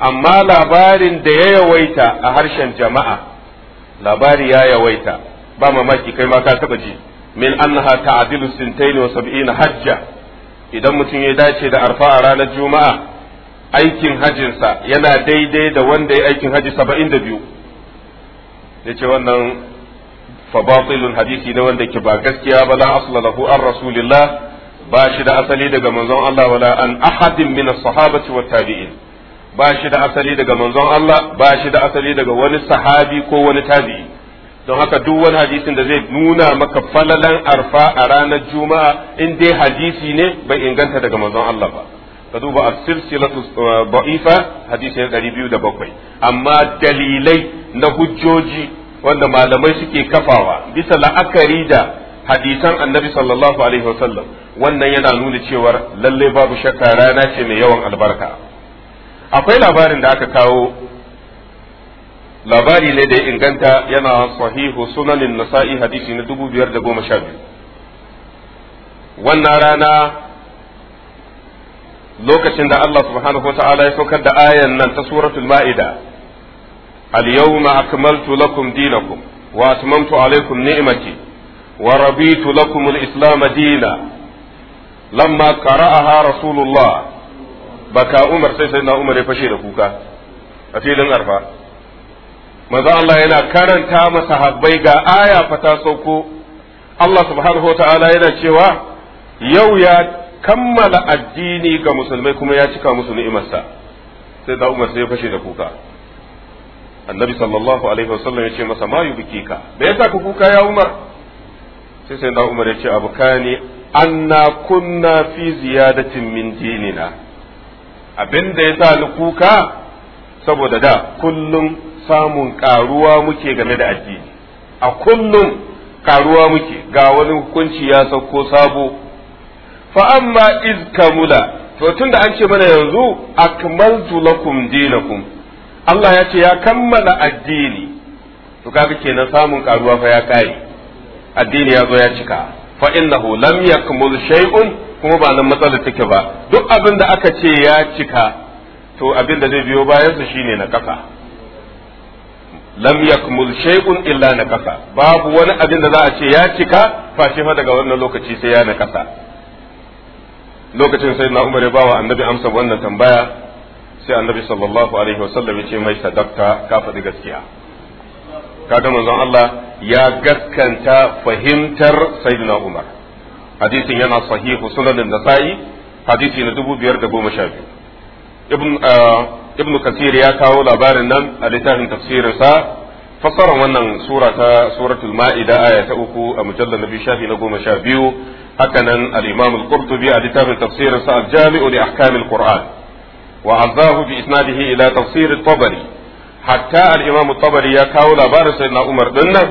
amma labarin da ya yawaita a harshen jama'a labari ya yawaita ba mamaki kai ma ka taba ji min annaha ta'dilu sintain wa sab'ina hajja idan mutum ya dace da arfa a ranar juma'a aikin hajjinsa yana daidai da wanda ya aikin haji saba'in da biyu ya ce wannan fabatilun hadisi na wanda ke ba gaskiya ba la asla lahu an rasulillah ba shi da asali daga manzon Allah wala an ahadin min as-sahabati wa tabi'in ba shi da asali daga manzon Allah ba shi da asali daga wani sahabi ko wani tabi'i don haka duk wani hadisin da zai nuna maka falalan arfa a ranar juma'a in dai hadisi ne bai inganta daga manzon Allah ba ka duba a silsilatu ba'ifa uh, hadisi ɗari biyu da bakwai amma dalilai na hujjoji wanda malamai suke kafawa bisa la'akari da hadisan annabi sallallahu alaihi wasallam wannan yana nuna cewar lalle babu shakka rana ce mai yawan albarka akwai labarin da aka kawo labari ne da ya inganta yana sahihu sunanin nasa'i hadisi na dubu biyar da goma sha biyu wannan rana lokacin da Allah subhanahu wa ta'ala ya saukar da ayan nan ta suratul ma'ida al-yawma akmaltu lakum dinakum wa atmamtu alaykum ni'mati wa rabitu lakum islam dina lamma qara'aha rasulullah baka umar sai sai na umar ya fashe da kuka a filin arfa manzo Allah yana karanta masa habbai ga aya fa ta sauko Allah subhanahu wa ta'ala yana cewa yau ya kammala addini ga musulmai kuma ya cika musu ni'imarsa sai da umar sai ya fashe da kuka annabi sallallahu alaihi wasallam ya ce masa ma yubiki ka me yasa ku kuka ya umar sai sai da umar ya ce abukani anna kunna fi ziyadatin min dinina abinda ya sa ni kuka saboda da kullum samun karuwa muke game da addini a kullum karuwa muke ga wani hukunci ya sauko sabo fa amma iz kamula to tunda an ce mana yanzu akmaltu lakum dinakum Allah ya ce ya kammala addini to kaga kenan samun karuwa fa ya kare addini ya zo ya cika fa innahu lam yakmul shay'un kuma ba nan matsalar take ba duk abin da aka ce ya cika to abin da zai biyo bayan su shine na kafa lam yakmul shay'un illa na kafa babu wani abin da za a ce ya cika fashi fa daga wannan lokaci sai ya na kafa lokacin sai na umar ya bawa annabi amsa wannan tambaya sai annabi sallallahu alaihi wasallam ya ce mai sadakta ka faɗi gaskiya kaga manzon Allah ya gaskanta fahimtar sayyidina umar hadisin yana sahihu sunanin nasa'i hadisi na dubu biyar da goma sha biyu ibn uh, kasir ya kawo labarin nan a littafin tafsirinsa fassarar wannan surata ta suratul ma'ida aya ta uku a mujallar nabi shafi na goma sha biyu hakanan al-imam al-qurtubi a littafin tafsirin sa al-jami'u li ahkam al-qur'an wa azahu ila tafsirin at-tabari hatta al tabari ya kawo labarin sayyidina umar din nan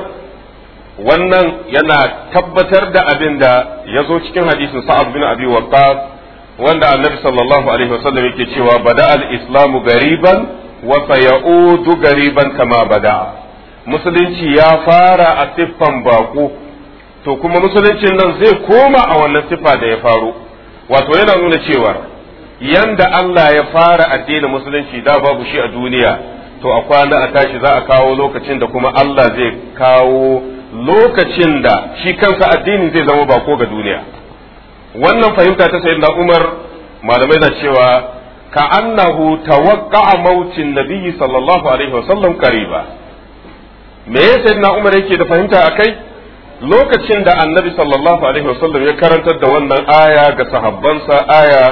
wannan yana tabbatar da abin da ya zo cikin hadisin sa'ad bin abi waqqas wanda annabi sallallahu alaihi wasallam yake cewa bada al-islamu gariban wa sayaudu gariban kama bada'a musulunci ya fara a siffan bako to kuma musuluncin nan zai koma a wannan siffa da ya faro wato yana nuna cewa yanda Allah ya fara addinin musulunci da babu shi a duniya to a kwana a tashi za a kawo lokacin da kuma Allah zai kawo lokacin da shi kansa addini zai zama bako ga duniya wannan fahimta ta sayyidina Umar malamai na cewa ka annahu tawaqqa mautin nabiyyi sallallahu alaihi wasallam qariba me ya sayyidina Umar yake da fahimta akai lokacin da annabi sallallahu alaihi wasallam ya karantar da wannan aya ga sahabbansa aya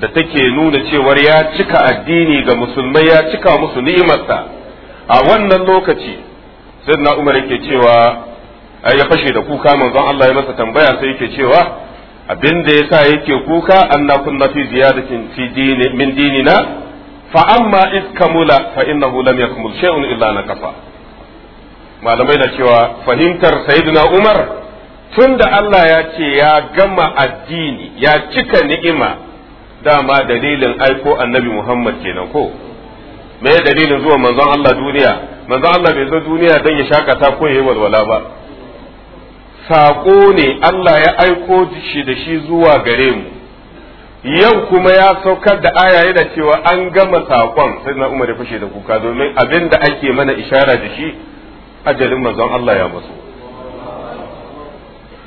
da take nuna cewar ya cika addini ga musulmai ya cika musu ni'imarsa a wannan lokaci sayyidina Umar yake cewa ya fashe da kuka manzon Allah ya masa tambaya sai yake cewa abinda ya yasa yake kuka anna kunna fi ziyadatin fi dini min dinina fa amma iz kamula fa innahu lam yakmul shay'un illa kafa malamai na cewa fahimtar sayyidina umar tun da Allah ya ce ya gama addini ya cika ni'ima dama dalilin aiko annabi Muhammad kenan ko me dalilin zuwa manzon Allah duniya manzon Allah bai zo duniya don ya shakata ko yayi walwala ba saƙo ne Allah ya aiko shi da shi zuwa gare mu yau kuma ya saukar da ayaye da cewa an gama saƙon sai na umar ya fashe da kuka domin abinda ake mana ishara da shi ajalin manzon Allah ya musu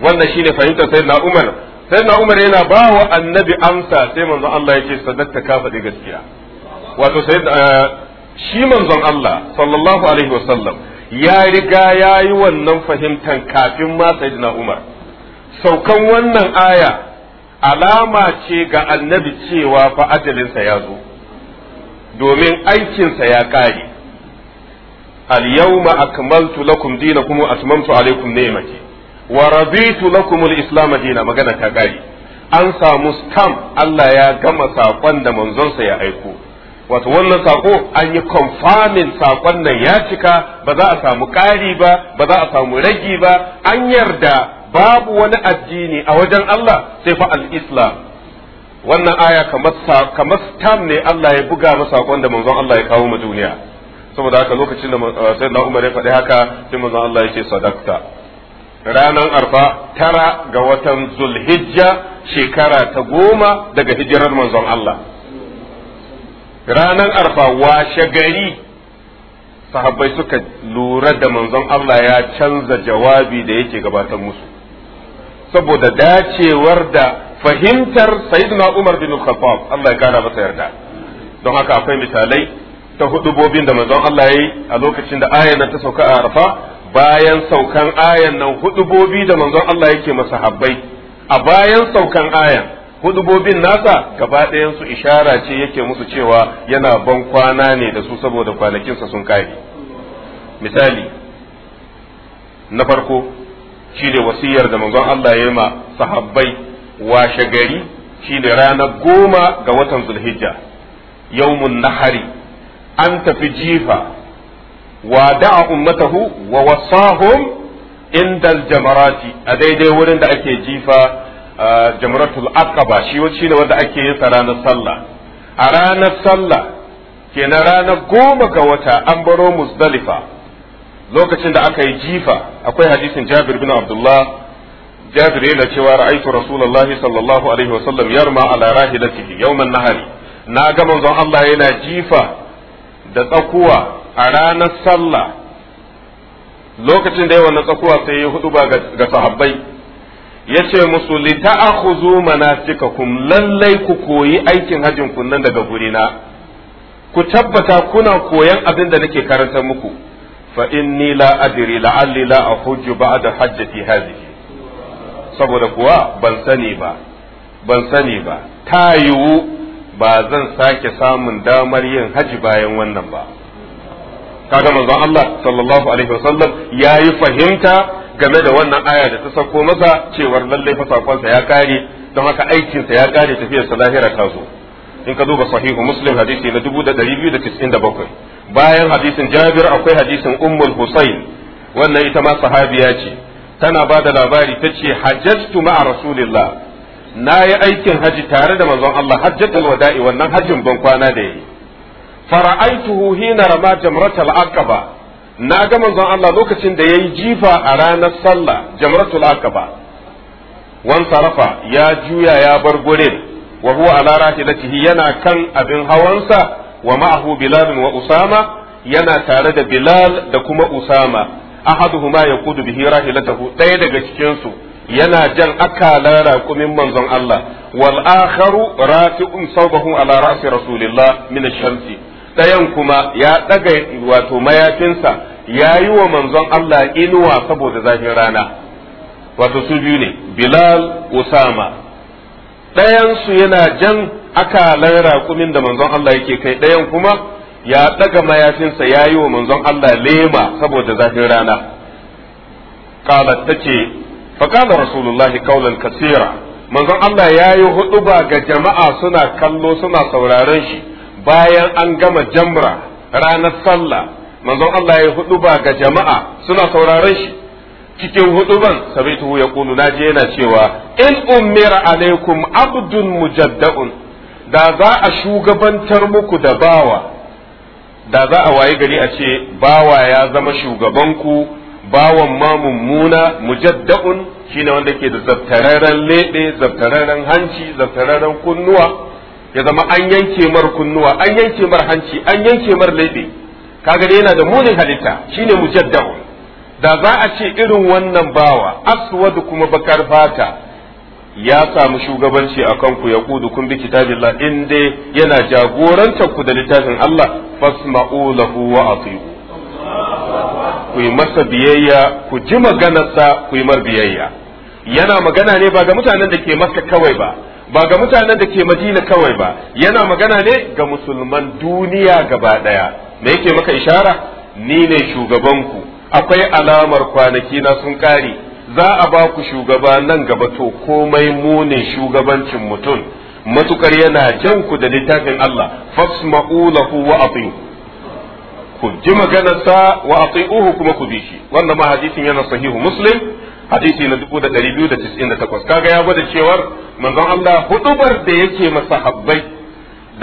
wannan shine fahimtar na Umar na Umar yana ba wa annabi amsa sai manzon Allah ya ce sadakta ka faɗi gaskiya wato sayyidina eh, shi manzon Allah sallallahu alaihi wasallam ya riga ya yi wannan fahimtar kafin ma sayyidina Umar saukan wannan aya alama ce ga annabi cewa fa ajalinsa ya zo domin aikinsa ya kare al-yawma akmaltu lakum dinakum wa atmamtu alaykum ni'mati wa raditu lakum al-islam dinan magana ta gari an samu stamp Allah ya gama sakon da manzonsa ya aiko Wata wannan sako an yi confirming sakon nan ya cika ba za a samu ƙari ba ba za a samu ragi ba an yarda babu wani addini a wajen Allah sai fa al-islam wannan aya kamar kamar stamp ne Allah ya buga ma sakon da manzon Allah ya kawo ma duniya saboda haka lokacin da eh, sai na umar ya faɗi haka sai manzon Allah ya ce sadakta ranar arfa tara ga watan zulhijja shekara ta goma daga hijirar manzon Allah ranar arfa washe gari sahabbai suka lura da manzon Allah ya canza jawabi da yake gabatar musu saboda dacewar da fahimtar sayyidina Umar bin Khattab Allah ya kara masa yarda don haka akwai misalai ta bobin da manzon Allah yayi a lokacin da ayan nan ta sauka a Arfa bayan saukan ayan nan bobi da manzon Allah yake masahabbai a bayan saukan ayan hudubobin nasa gaba ɗayan su ishara ce yake musu cewa yana ban kwana ne da su saboda kwanakinsa sun kare misali na farko shine wasiyar da manzon Allah ya yi ma sahabbai washe gari shine ranar goma ga watan zulhijja yawmun nahari an tafi jifa wa da'a ummatahu wa wasahum inda jamarati a daidai wurin da ake jifa jamaratul aqaba shi shine wanda ake yin ranar sallah a ranar sallah na ranar goma ga wata an baro muzdalifa lokacin da aka yi jifa akwai hadisin jabir bin abdullah jabir yana cewa ra'aytu rasulullahi sallallahu alaihi wasallam yarma ala rahilatihi yawman nahari na ga manzon Allah yana jifa da tsakuwa a ranar sallah lokacin da yawan na tsakuwa sai ya hudu ba ga sahabbai ya ce musu cika manasikakum lallai ku koyi aikin hajjin kunnan daga gurina ku tabbata kuna koyan abin da nake karanta muku fa inni la adri la'alli la ahujju ba'da hajjati hadhihi saboda kuwa ban sani ba ban sani ba ta yiwu ba zan sake samun damar yin haji bayan wannan ba kaga manzon Allah sallallahu alaihi wasallam yayi fahimta game da wannan aya da ta sauko masa cewar lallai fa sakonsa ya kare don haka aikinsa ya kare tafiyar sa lahira ta zo in ka duba sahihu muslim hadisi na 2297 bayan hadisin Jabir akwai hadisin Ummul Hussain. wannan ita ma sahabiya ce tana ba da labari tace hajjatu ma'a rasulillah na yi aikin haji tare da manzon Allah hajjatul wada'i wannan hajjin ban kwana da yi fara'aituhu hina rama jamratul aqaba na ga manzon Allah lokacin da yayi jifa a ranar sallah jamratul aqaba wan sarafa ya juya ya bar gurin wa huwa ala rahilatihi yana kan abin hawansa wa ma'ahu bilal wa usama yana tare da bilal da kuma usama ahaduhuma yaqudu bihi rahilatahu ɗaya daga cikin su yana jan akalan raƙumin manzon Allah wal akharu rafi'un sawbahu ala ra'si rasulillah min ash-shamsi dayan kuma ya daga wato mayafinsa yayi wa manzon Allah inuwa saboda zafin rana wato su biyu ne Bilal Usama dayan su yana jan akalan raƙumin da manzon Allah yake kai dayan kuma ya daga mayafinsa yayi wa manzon Allah lema saboda zafin rana qalat tace faqala rasulullahi qawlan kaseera manzon Allah yayi huɗuba ga jama'a suna kallo suna sauraron shi bayan an gama jamra ranar sallah manzon Allah ya huɗuba ga jama'a suna sauraron shi cikin huduban sabituhu ya kunu naje yana cewa in ummira alaikum abdun mujadda'un da za a shugabantar muku da bawa da za a wayi gari a ce bawa ya zama shugabanku bawan ma mummuna mujadda'un shine wanda ke da zabtararren leɓe zabtararren hanci zabtararren kunnuwa ya zama an yanke mar kunnuwa an yanke mar hanci an yanke mar leɓe kaga dai yana da munin halitta shine mujadda'un da za a ce irin wannan bawa aswad kuma bakar fata ya samu shugabanci a kanku ya kudu kun bi kitabillah in dai yana jagorantar ku da littafin Allah fasma'u lahu wa atiyu ku yi masa biyayya ku ji maganarsa ku yi mar biyayya yana magana ne ba ga mutanen da ke maka kawai ba ba ga mutanen da ke madina kawai ba yana magana ne ga musulman duniya gaba daya me yake maka ishara ni ne shugabanku akwai alamar kwanaki na sun kare za a ba ku shugaba nan gaba to komai mu ne shugabancin mutum matukar yana jan ku da littafin Allah fasma'u lahu wa atiyu ku ji maganarsa wa ati'uhu kuma ku bi shi wannan ma hadisin yana sahihu muslim hadisi na dubu da da da biyu tis'in takwas kaga ya gwada cewar manzon Allah hudubar da yake masahabbai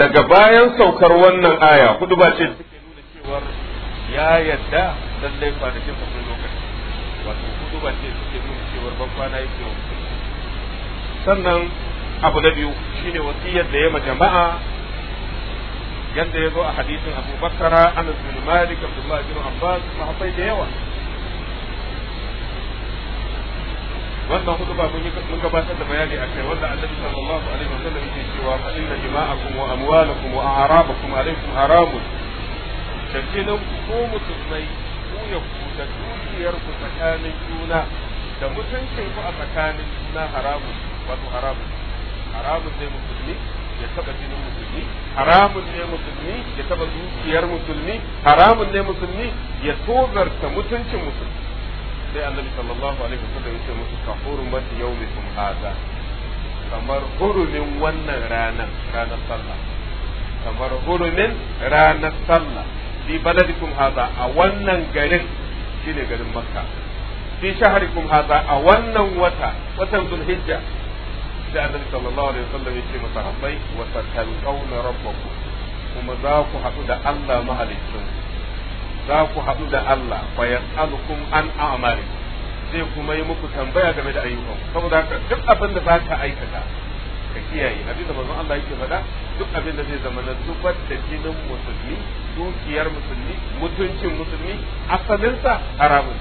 daga bayan saukar wannan aya huduba ce da take nuna cewar ya yadda lallai kwanakin akwai lokaci wato huduba ce take nuna cewar ban kwana yake sannan abu na biyu shine wasiyar da ya ma jama'a Yanda ya zo a hadisin Abu Bakara Anas bin Malik Abdullah bin Abbas sahabbai da yawa wannan hudu ba mun mun gabatar da bayani akai wanda Annabi sallallahu alaihi wasallam yake cewa fa inna jima'akum wa amwalakum wa a'rabakum alaikum haramun shakilin ku musulmai ku ya ku da dukiyar ku tsakanin juna da mutuncin ku a tsakanin musulmi ya taba jinin musulmi haramun ne musulmi ya taba zuciyar musulmi haramun ne musulmi ya tozarta mutuncin musulmi sai annabi sallallahu alaihi wasallam ya ce musu ka hurmati kuma hada kamar hurumin wannan ranar ranar sallah kamar hurumin ranar sallah bi baladikum hada a wannan garin shine garin makka fi shahrikum hada a wannan wata watan zulhijja sai annabi sallallahu alaihi wasallam ya ce masa wa satalqawna rabbakum kuma za ku haɗu da Allah mahaliccin za ku haɗu da Allah fa yas'alukum an a'mari zai kuma yi muku tambaya game da ayyukan saboda haka duk abin da za ka aikata ka kiyaye da Allah yake faɗa duk abin da zai zama na zubar da jinin musulmi dukiyar musulmi mutuncin musulmi asalinsa haramun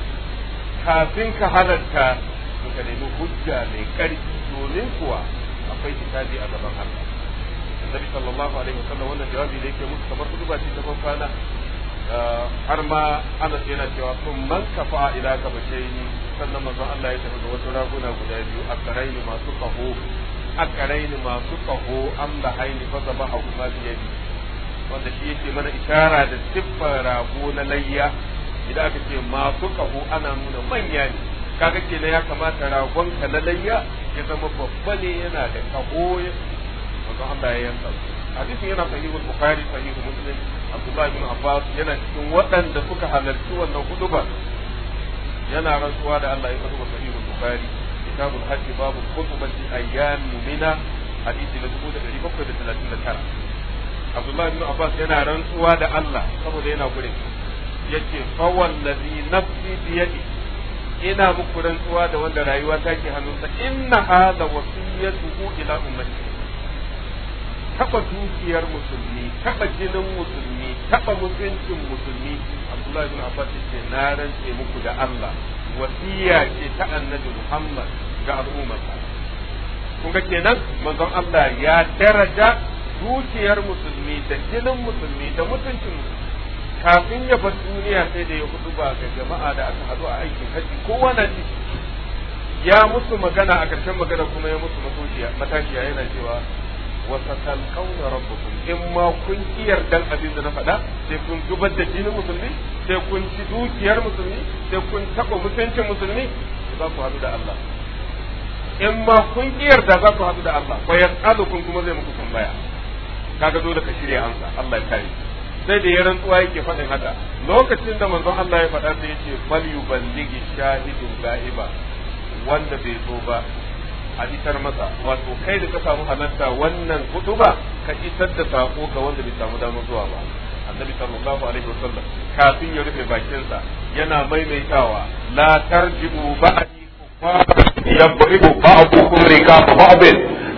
kafin ka halarta ka nemi hujja mai ƙarfi domin kuwa akwai hisabi a gaban Allah Annabi sallallahu alaihi wasallam wannan jawabi da yake musu kamar kudu ba ce ta kwana ah, har ma Anas yana cewa kun man kafa ila ka ni sannan manzon Allah ya tafi da wasu raguna guda biyu a karaini masu kaho a karaini masu kaho an da haini fa zaba hukuma biyadi wanda shi yake mana ishara da siffar rago na layya idan aka ce masu kaho ana nuna manya ne kaga kenan ya kamata ragon ka na layya ya zama babba ne yana da kaho wanda Allah ya yanka hadisin yana sahihul bukhari sahihul muslim abdullahi bin abbas yana cikin waɗanda suka halarci wannan huduba yana rantsuwa da Allah ya kasu sahihul bukhari kitabul hajj babu khutbati ayyam mina hadisi na 1739 abdullahi bin abbas yana rantsuwa da Allah saboda yana gurin yace fa wallazi nafsi biyadihi ina muku rantsuwa da wanda rayuwa take hannunsa inna wasiyatu wasiyatuhu ila ummati taba dukiyar musulmi taba jinin musulmi taba mutuncin musulmi Abdullahi bin Abbas ce na rantse muku da Allah wasiya ce ta annabi Muhammad ga al'ummarsa kun ga kenan manzon Allah ya daraja dukiyar musulmi da jinin musulmi da mutuncin musulmi kafin ya fa duniya sai da ya hudu ba ga jama'a da aka hadu a aikin haji ko na ne ya musu magana a karshen magana kuma ya musu matashiya yana cewa wata talƙauna rabbukum in ma kun iyar dan abin da na faɗa sai kun zubar da jinin musulmi sai kun ci dukiyar musulmi sai kun taɓa mutuncin musulmi za ku haɗu da Allah in ma kun iyar da za ku haɗu da Allah fa yas'alukum kuma zai muku tambaya kaga dole ka shirya amsa Allah ya kare sai da ya rantsuwa yake faɗin haka lokacin da manzon Allah ya faɗa sai yace bal yuballighi shahidun ga'iba wanda bai zo ba a isar masa wato kai da ka samu halarta wannan kutuba ka isar da sako ga wanda bai samu damar zuwa ba annabi sallallahu alaihi wasallam kafin ya rufe bakinsa yana maimaitawa la tarjibu ba'di يضرب بعضكم ركاب بعض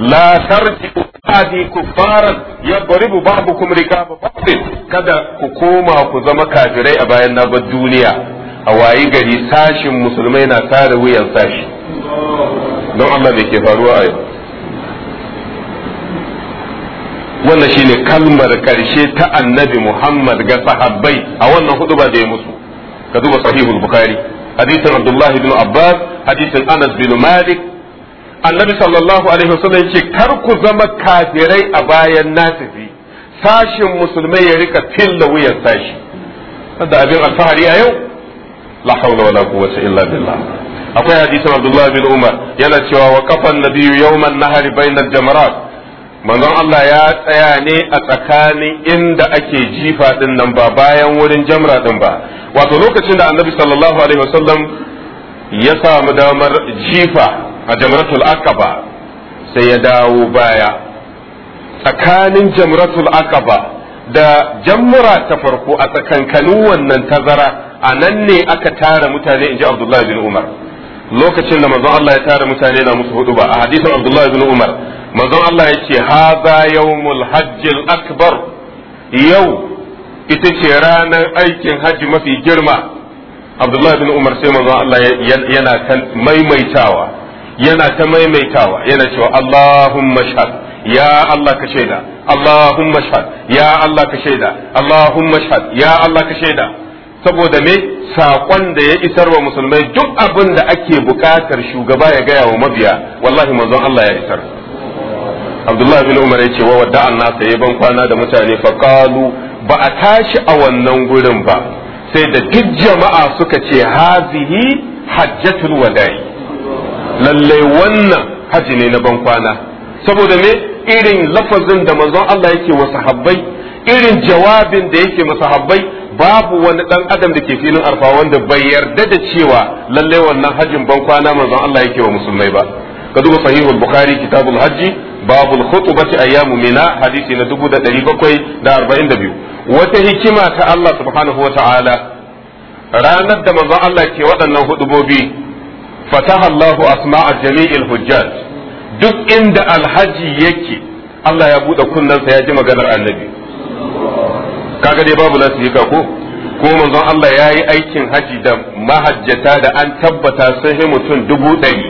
لا ترجعوا بعدي كفارا يضرب بعضكم ركاب بعض kada ku koma ku zama kafirai a bayan na bar duniya a wayi gari sashin musulmai na tare wuyan sashi don Allah me ke faruwa a yau wannan shine kalmar ƙarshe ta annabi Muhammad ga sahabbai a wannan hudu ba da ya musu ka duba sahihul bukhari hadisin Abdullah bin Abbas hadisin Anas bin Malik annabi sallallahu alaihi wasallam yace kar ku zama kafirai a bayan nasifi sashin musulmai ya rika filla wuyan sashi da abin alfahari a yau la hawla wala quwwata illa billah akwai hadisin Abdullah bin Umar yana cewa wa kafan nabiyyu yawman nahari bainal jamarat manzon Allah ya tsaya ne a tsakanin inda ake jifa din nan ba bayan wurin jamra din ba wato lokacin da annabi sallallahu alaihi wasallam ya samu damar jifa a jamratul aqaba sai ya dawo baya tsakanin jamratul aqaba da jamra ta farko a tsakankanin wannan tazara a nan ne aka tara mutane inji Abdullahi bin Umar lokacin da manzon Allah ya tara mutane na musu hudu ba a hadisin Abdullahi bin Umar manzon Allah ya ce haza yawmul hajjil akbar yau ita ce ranar aikin hajji mafi girma Abdullahi bin Umar sai manzon Allah yana ta maimaitawa yana ta maimaitawa yana cewa Allahumma shahad ya Allah ka shaida Allahumma shahad ya Allah ka shaida Allahumma shahad ya Allah ka shaida saboda me saƙon da ya isar wa musulmai duk abin da ake buƙatar shugaba ya gaya wa mabiya wallahi manzon Allah ya isar abdullahi bin umar ya ce wa wadda an nasa ya ban kwana da mutane fa kalu ba a tashi a wannan gurin ba sai da duk jama'a suka ce hazihi hajjatul wada'i lallai wannan haji ne na ban kwana saboda me irin lafazin da manzon Allah yake wa sahabbai irin jawabin da yake masahabbai babu wani dan adam da ke filin arfa wanda bai yarda da cewa lallai wannan hajjin ban kwana manzon Allah yake wa musulmai ba ka duba sahihul bukhari kitabul hajji babul khutbati ayyamu mina hadisi na 1742 wata hikima ta Allah subhanahu wa ta'ala ranar da manzon Allah ke waɗannan hudubobi fataha Allahu asma'a jami'il hujjat duk inda alhaji yake Allah ya buɗe kunnensa ya ji maganar annabi kaga dai babu lasifika ko ko manzon Allah ya yi aikin haji da mahajjata da an tabbata sai mutum dubu ɗari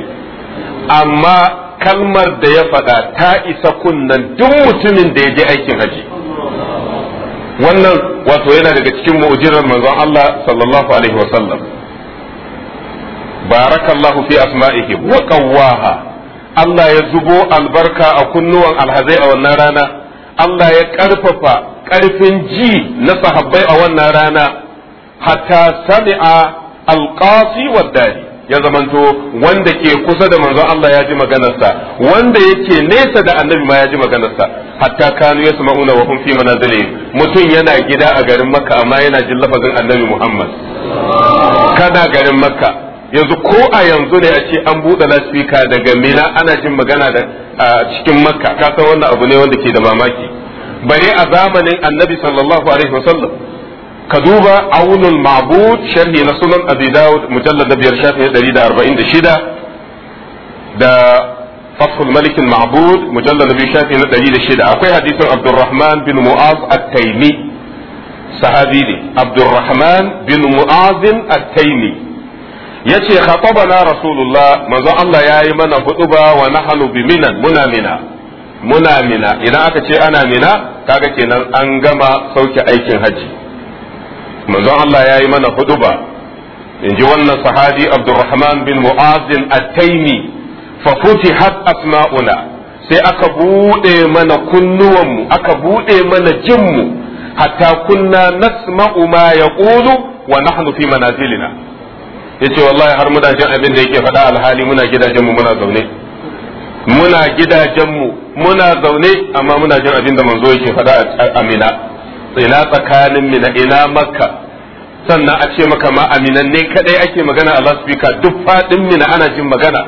amma kalmar da ya faɗa ta isa kunnan duk mutumin da ya je aikin haji wannan wato yana daga cikin mu'ujirar manzon Allah sallallahu alaihi sallam. barakallahu fi asma'ihi wa qawwaha Allah ya zubo albarka a kunnuwan alhazai a wannan rana Allah ya karfafa karfin ji na sahabbai a wannan rana hatta sami'a alqasi wa dadi. ya zamanto wanda ke kusa da manzon Allah ya ji maganarsa wanda yake nesa da annabi ma ya ji maganarsa hatta kanu yasma'una wa hum fi mutum yana gida a garin Makka amma yana jin lafazin annabi Muhammad kana garin Makka yanzu ko a yanzu ne a ce an buɗe lasfika daga Mina ana jin magana da cikin Makka ka san wannan abu ne wanda ke da mamaki bare a zamanin annabi sallallahu alaihi wasallam ka duba aunul ma'bud sharhi na sunan abi dawud mujallad biyar shafi 146 da fathul malik al-ma'bud mujallad biyu shafi na 106 akwai hadisin abdurrahman bin mu'az at-taymi sahabi ne abdurrahman bin mu'az at-taymi yace khatabana rasulullah manzo Allah yayi mana huduba wa nahnu bi minan muna mina muna mina idan aka ce ana mina kaga kenan an gama sauke aikin hajji. manzon Allah ya yi mana huduba in ji wannan sahabi abdurrahman bin mu'azin at-taimi fa futihat asma'una sai aka bude mana kunnuwanmu aka bude mana jinmu hatta kunna nasma'u ma yaqulu wa nahnu fi manazilina yace wallahi har muna jin abin da yake faɗa alhali muna gidajenmu muna zaune muna gidajenmu muna zaune amma muna jin abin da manzo yake faɗa a Amina. ina tsakanin mina ina makka sannan a ce maka ma aminan ne kadai ake magana a loudspeaker duk fadin mina ana jin magana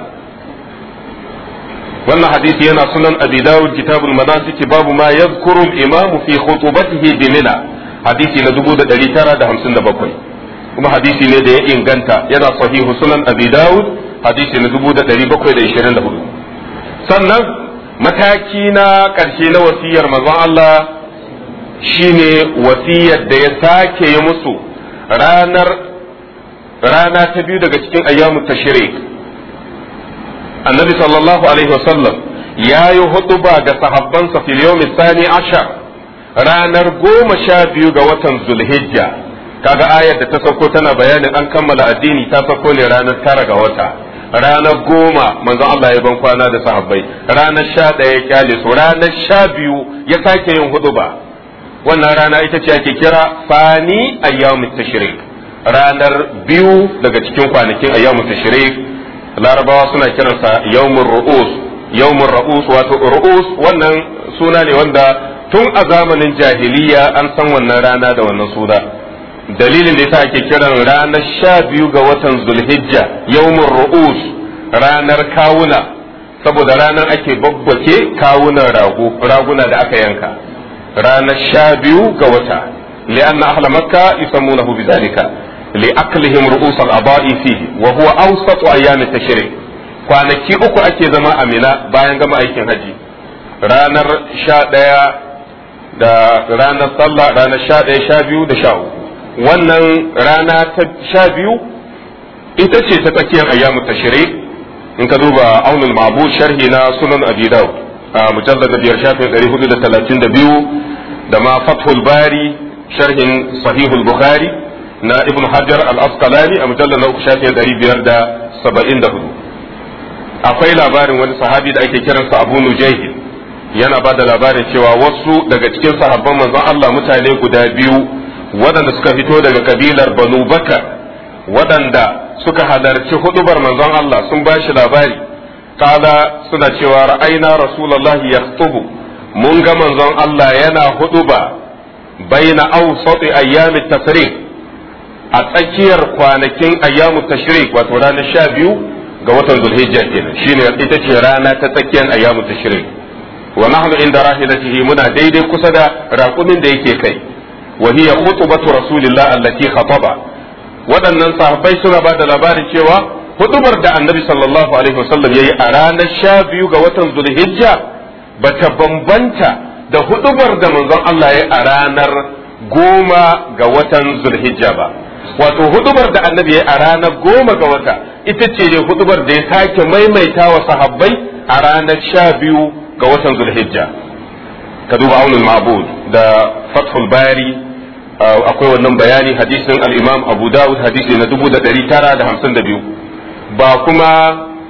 wannan hadisi yana sunan abi dawud kitabul manasik babu ma yadhkuru al-imam fi khutubatihi bi mina hadisi na 1957 kuma hadisi ne da ya inganta yana sahihu sunan abi dawud hadisi na 1724 sannan mataki na karshe na wasiyar manzon Allah shine wasiyar da ya sake yi musu ranar rana ta biyu daga cikin ayyamu tashrik annabi sallallahu alaihi wasallam ya yi hutuba ga sahabbansa fil sani ashar ranar goma sha biyu ga watan zulhijja kaga ayar da ta sauko tana bayanin an kammala addini ta sauko ne ranar tara ga wata ranar goma manzon Allah ya ban kwana da sahabbai ranar sha ɗaya ya kyale su ranar sha biyu ya sake yin huɗuba. wannan rana ita ce ake kira fani ayyamu tashrik ranar biyu daga cikin kwanakin ayyamu tashrik larabawa suna kiransa yawmur ru'us yawmur ru'us wato ru'us wannan suna ne wanda tun a zamanin jahiliya an san wannan rana da wannan suna dalilin da yasa ake kiran ranar sha biyu ga watan zulhijja yawmur ru'us ranar kawuna saboda ranar ake babbake kawunan rago raguna da aka yanka ranar sha biyu ga wata li'anna ahla makka yusammunahu bidhalika li'aklihim ru'us al-aba'i fihi wa huwa awsat ayyam at-tashrik kwanaki uku ake zama a Mina bayan gama aikin haji ranar sha ɗaya da ranar sallah ranar sha ɗaya sha biyu da sha uku wannan rana ta sha biyu ita ce ta tsakiyar ayyamu tashri in ka duba aunul ma'bud sharhi na sunan abi dawud a mujallar da biyar shafin ɗari hudu da talatin da biyu da ma fathul bari sharhin sahihul bukhari na ibn hajar al-asqalani a mujallar na uku shafin ɗari biyar da saba'in da hudu akwai labarin wani sahabi da ake kiransa abu mujahid yana ba da labarin cewa wasu daga cikin sahabban manzon Allah mutane guda biyu waɗanda suka fito daga kabilar Banu Bakar waɗanda suka halarci hudubar manzon Allah sun ba shi labari kala suna cewa ra'ayna rasulullahi yakhutubu mun ga manzon Allah yana huduba baina awsati ayyamit tasrih a tsakiyar kwanakin ayyamut tashrik wato ranar biyu ga watan zulhijja kenan shine ita ce rana ta tsakiyar ayyamut tashrik wa nahnu inda rahilatihi muna daidai kusa da raƙumin da yake kai wa hiya khutubatu rasulillah allati khataba waɗannan sahabbai suna ba da labarin cewa hudubar da annabi sallallahu alaihi wasallam yayi a ranar sha biyu ga watan zulhijja bata bambanta da hudubar da manzon Allah yayi a ranar goma ga watan zulhijja ba wato hudubar da annabi yayi a ranar goma ga wata ita ce ne hudubar da ya sake maimaita wa sahabbai a ranar sha biyu ga watan zulhijja ka duba aunul ma'bud da fathul bari uh, akwai wannan bayani hadisin al-imam abu dawud hadisi na 1952 ba kuma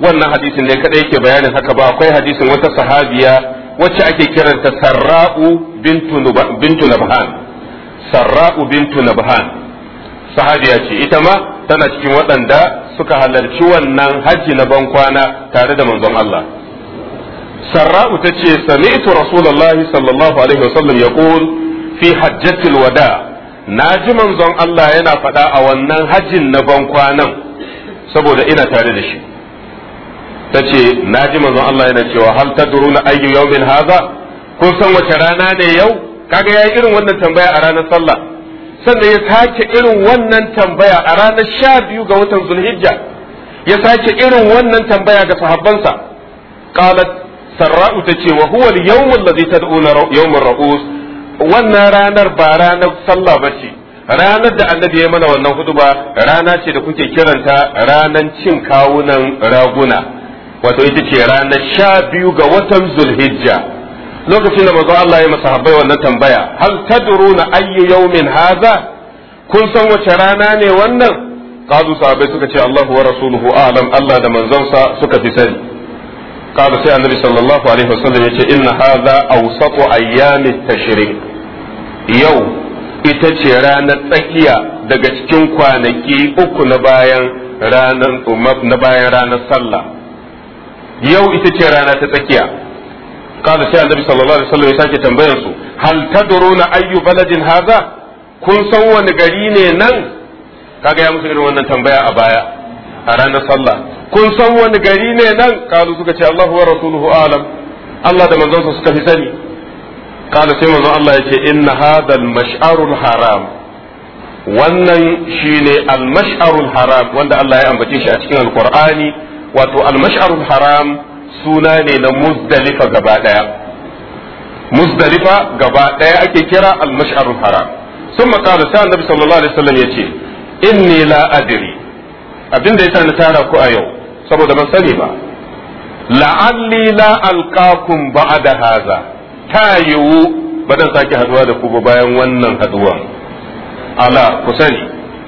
wannan hadisin ne kadai yake bayanin haka ba akwai hadisin wata sahabiya wacce ake kiranta sarra'u bintu nabhan sarra'u bintu nabhan sahabiya ce ita ma tana cikin waɗanda suka halarci wannan haji na ban tare da manzon Allah sarra'u ta ce sami'tu rasulullahi sallallahu alaihi wasallam yaqul fi hajjatil wada na ji manzon Allah yana faɗa a wannan hajjin na bankwanan kwanan saboda ina tare da shi ta ce na ji manzon Allah yana cewa hal na ayyu yawmin haza kun san wace rana ne yau kaga yayi irin wannan tambaya a ranar sallah sannan ya sake irin wannan tambaya a ranar sha biyu ga watan zulhijja ya sake irin wannan tambaya ga sahabbansa qalat sarra'u ta ce wa huwa al-yawm alladhi tad'una yawm ar-ra'us wannan ranar ba ranar sallah bace ranar da annabi ya mana wannan huduba rana ce da kuke kiranta ranar cin kawunan raguna wato ita ce ranar sha biyu ga watan zulhijja lokacin da manzo Allah ya masa habbai wannan tambaya hal tadruna ayyu yawmin hadha kun san wace rana ne wannan qalu sahabbai suka ce Allahu wa rasuluhu a'lam Allah da manzonsa suka fi sani قال سي النبي صلى الله عليه وسلم يقول إن هذا أوسط أيام التشريق Yau. ita ce ranar tsakiya daga cikin kwanaki uku na bayan ranar na bayan ranar sallah yau ita ce rana ta tsakiya kada sai annabi sallallahu alaihi wasallam ya sake tambayar su hal tadruna ayyu baladin haza kun san wani gari ne nan kaga ya musu irin wannan tambaya a baya a ranar sallah kun san wani gari ne nan kalu suka ce Allahu wa rasuluhu alam Allah da manzon suka fi sani kada sai manzon Allah ya ce inna hadal mash'arul haram wannan shine al mash'arul haram wanda Allah ya ambace shi a cikin alqur'ani wato al mash'arul haram suna ne na muzdalifa gaba daya ake kira al mash'arul haram ثم قال سأل النبي صلى الله عليه وسلم يتي إني لا أدري abin da ya na tara ku a yau saboda ban sani ba la'alli la alqakum ba'da haza ta yiwu ba zan sake haduwa da ku ba bayan wannan haduwan ala ku sani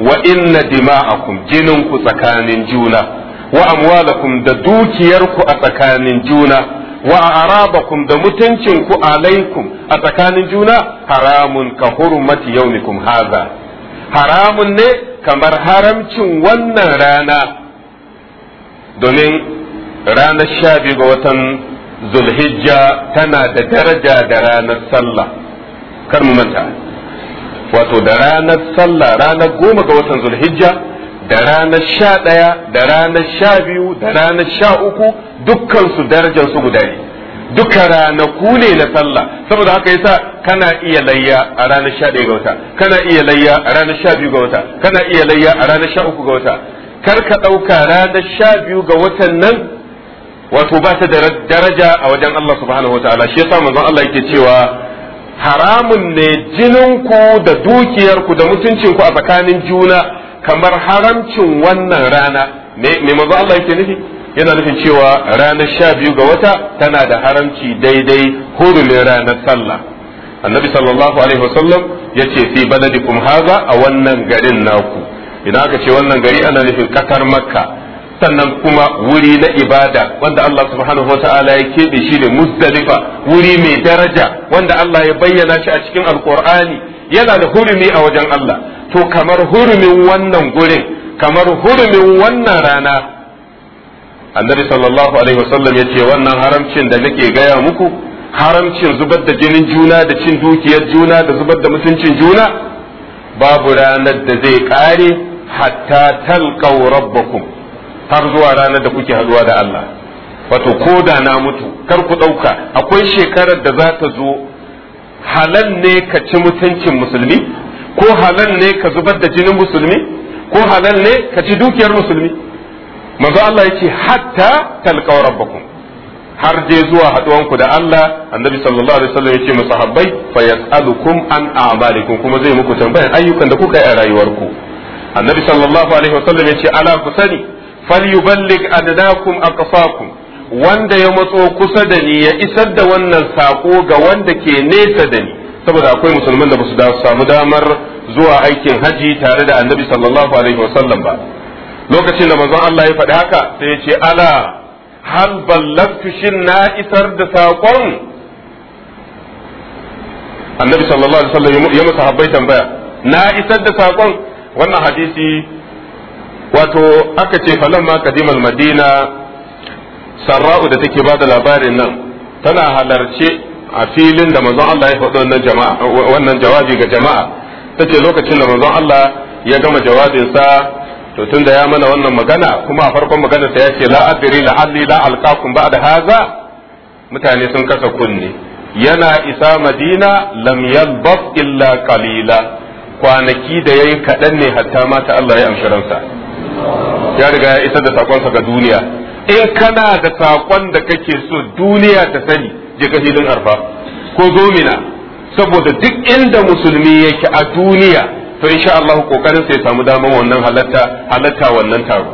wa inna dima'akum jinin ku tsakanin juna wa amwalakum da dukiyar a tsakanin juna wa arabakum da mutuncin ku alaikum a tsakanin juna haramun ka hurmati yaumikum haza haramun ne kamar haramcin wannan rana domin ranar sha biyu ga watan zulhijja tana da daraja da ranar sallah kar mu manta wato da ranar sallah ranar goma ga watan zulhijja da ranar sha ɗaya da ranar sha biyu da ranar sha uku dukkansu darajarsu guda ne duka ranaku ne na sallah saboda haka yasa kana iya layya a ranar sha ɗaya ga wata kana iya layya a ranar sha biyu ga wata kana iya layya a ranar sha uku ga wata kar ka ɗauka ranar sha biyu ga watan nan wato ba ta daraja a wajen Allah subhanahu Ta'ala shi yasa manzon Allah yake cewa haramun ne jininku da dukiyarku da mutuncinku a tsakanin juna kamar haramcin wannan rana me manzon Allah yake nufi yana nufin cewa ranar sha biyu ga wata tana da haramci daidai hurumin ranar sallah annabi sallallahu alaihi wasallam ya ce fi baladikum haza a wannan garin naku idan aka ce wannan gari ana nufin kasar makka sannan kuma wuri na ibada wanda Allah subhanahu wata'ala ya keɓe shi ne muzdalifa wuri mai daraja wanda Allah ya bayyana shi a cikin alkur'ani yana da hurumi a wajen Allah to kamar hurumin wannan gurin kamar hurumin wannan rana annabi sallallahu alaihi wasallam ya ce wannan haramcin da nake gaya muku haramcin zubar da jinin juna da cin dukiyar juna da zubar da mutuncin juna babu ranar da zai kare hatta talqaw rabbakum har zuwa ranar da kuke haduwa da Allah wato ko da na mutu kar ku ɗauka akwai shekarar da za ta zo halal ne ka ci mutuncin musulmi ko halal ne ka zubar da jinin musulmi ko halal ne ka ci dukiyar musulmi manzo Allah ce hatta talqa rabbakum har je zuwa haduwan ku da Allah annabi sallallahu alaihi wasallam yace musahabbai yasalukum an a'malikum kuma zai muku tambayan ayyukan da kuka yi a rayuwarku annabi sallallahu alaihi wasallam yace ala ku sani falyuballigh adnakum aqfakum wanda ya matso kusa da ni ya isar da wannan sako ga wanda ke nesa da ni saboda akwai musulman da basu samu damar zuwa aikin haji tare da annabi sallallahu alaihi wasallam ba lokacin da manzon Allah ya faɗi haka sai ya ce ala hal ballagtu shin na isar da saƙon? annabi sallallahu alaihi wasallam ya masa habbai tambaya na isar da saƙon wannan hadisi wato aka ce falamma kadimal madina sarra'u da take bada labarin nan tana halarce a filin da manzon Allah ya faɗo wannan jama'a wannan jawabi ga jama'a tace lokacin da manzon Allah ya gama jawabin sa to tunda ya mana wannan magana kuma a farkon magana ta yace la adri la alli la alqakum ba'da haza mutane sun kasa kunne yana isa madina lam yalbas illa qalila kwanaki da yayi kaɗan ne hatta mata Allah ya amshi ya riga ya isar da sakonsa ga duniya in kana da sakon da kake so duniya ta sani je ka hidin arfa ko zomina saboda duk inda musulmi yake a duniya to insha Allah kokarin sai samu damar wannan halatta halatta wannan taro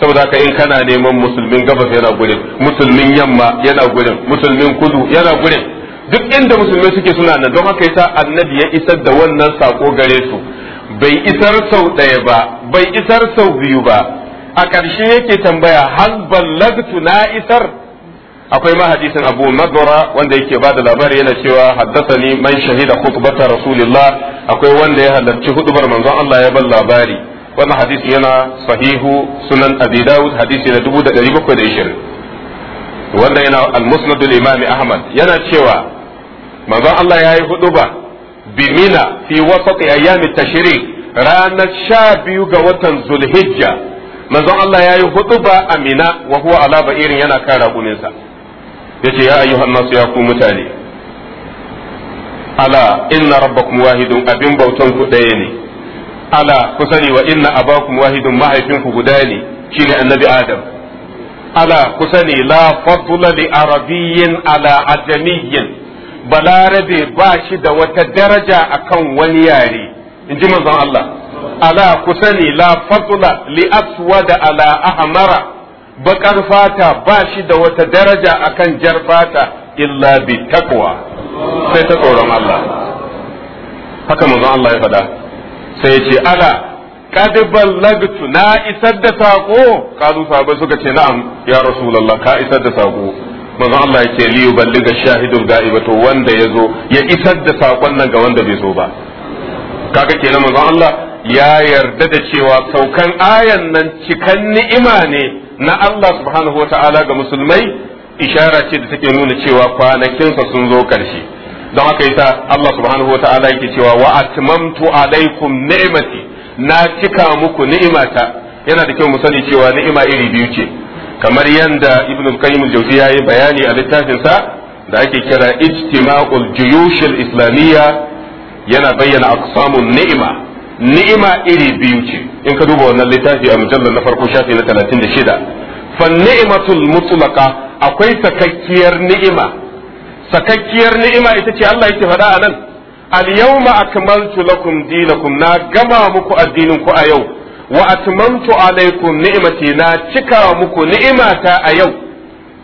saboda haka in kana neman musulmin gabas yana gurin musulmin yamma yana gurin musulmin kudu yana gurin duk inda musulmai suke suna nan don haka yasa annabi ya isar da wannan sako gare su bai isar sau ɗaya ba bai isar sau biyu ba a ƙarshe yake tambaya hal ballagtu na isar akwai mahadisin abu madura wanda yake ba da labari yana cewa haddasani man shahida khutbata rasulillah akwai wanda ya halarci hudubar manzon Allah ya ban labari wannan hadisi yana sahihu sunan abi daud hadisi na 1720 wanda yana al-musnad al-imam ahmad yana cewa manzon Allah ya yi huduba bimina fi wasati ayyami tashri ranar sha biyu ga watan zulhijja manzon Allah ya yi hutuba a mina wa alaba irin yana kan raguninsa yace ya ayyuhan nasu ya ku mutane ala inna rabbakum wahidun abin bautan ku ɗaya ne ala ku sani wa inna abakum wahidun mahaifinku guda ne shine annabi adam ala ku sani la fadla Arabiyin arabiyyin ala ajamiyyin balarabe ba shi da wata daraja akan wani yare in ji manzon Allah ala kusani la fatula li aswada ala ahmara bakar fata ba shi da wata daraja akan jar fata illa bi taqwa sai ta tsoron Allah haka manzon Allah ya faɗa sai ya ce ala kad ballagtu na isar da sako kazu sahabbai suka ce na'am ya rasulullah ka isar da saƙo. manzo Allah yake li yuballiga shahidul ga'ibatu wanda yazo ya isar da sakon nan ga wanda bai zo ba kaga kenan manzo Allah ya yarda da cewa saukan ayan nan cikan ni'ima ne na Allah subhanahu wataala ga musulmai ishara ce da take nuna cewa kwanakinsa sun zo karshe don haka yasa Allah subhanahu wataala yake cewa wa atmamtu alaikum ni'mati na cika muku ni'imata yana da kyau mu sani cewa ni'ima iri biyu ce kamar yadda ibn al-qayyim al-jawziya yayi bayani a littafin sa da ake kira ijtima'ul juyush al-islamiyya yana bayyana aqsamun ni'ima ni'ima iri biyu ce in ka duba wannan littafi a na farko shafi na 36 fa ni'matul mutlaqa akwai sakakkiyar ni'ima sakakkiyar ni'ima ita ce Allah yake faɗa a nan al yawma akmaltu lakum dinakum na gama muku addinin ku a yau wa atmamtu alaikum ni'mati na cika muku ni'imata a yau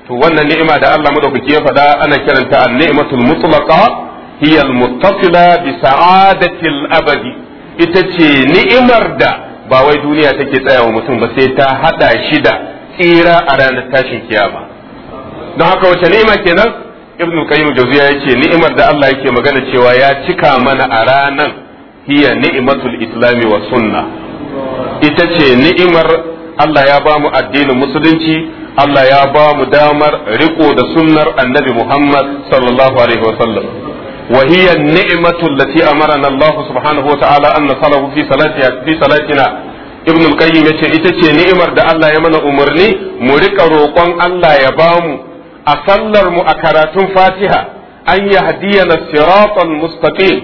to wannan ni'ima da Allah madaukaki ya faɗa ana kiranta an-ni'matul mutlaqa hiya al-muttasila bi sa'adati al-abadi ita ce ni'imar da ba wai duniya take tsayawa mutum ba sai ta hada shi da tsira a ranar tashin kiyama don haka wace ni'ima kenan ibnu qayyim jawziya yace ni'imar da Allah yake magana cewa ya cika mana a ranan hiya ni'matul islami wa sunnah ita ce ni'imar Allah ya ba mu addinin musulunci Allah ya ba mu damar riƙo da sunnar annabi Muhammad sallallahu alaihi wasallam wa hiya ni'matu allati amarana Allah subhanahu wa ta'ala an ibn al-qayyim yace ita ce ni'imar da Allah ya mana umarni mu riƙa roƙon Allah ya ba mu a sallar mu a karatun Fatiha an yahdiyana sirafan mustaqim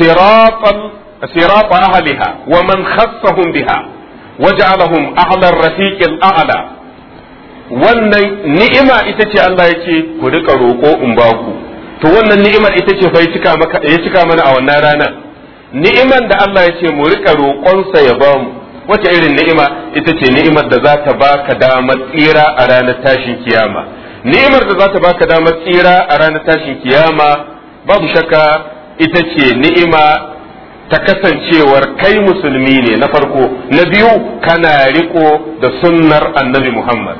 sirafan. صراط أهلها ومن خصهم بها وجعلهم أعلى الرفيق الأعلى wannan ni'ima ita ce Allah ya ce ku rika roƙo in ba ku to wannan ni'imar ita ce fa ya cika mana a wannan ranar ni'imar da Allah ya ce mu rika roƙonsa ya ba mu wace irin ni'ima ita ce ni'imar da za ta baka damar tsira a ranar tashin kiyama ni'imar da za ta baka damar tsira a ranar tashin kiyama babu shakka ita ce ni'ima ta kasancewar kai musulmi ne na farko na biyu kana riko da sunnar annabi Muhammad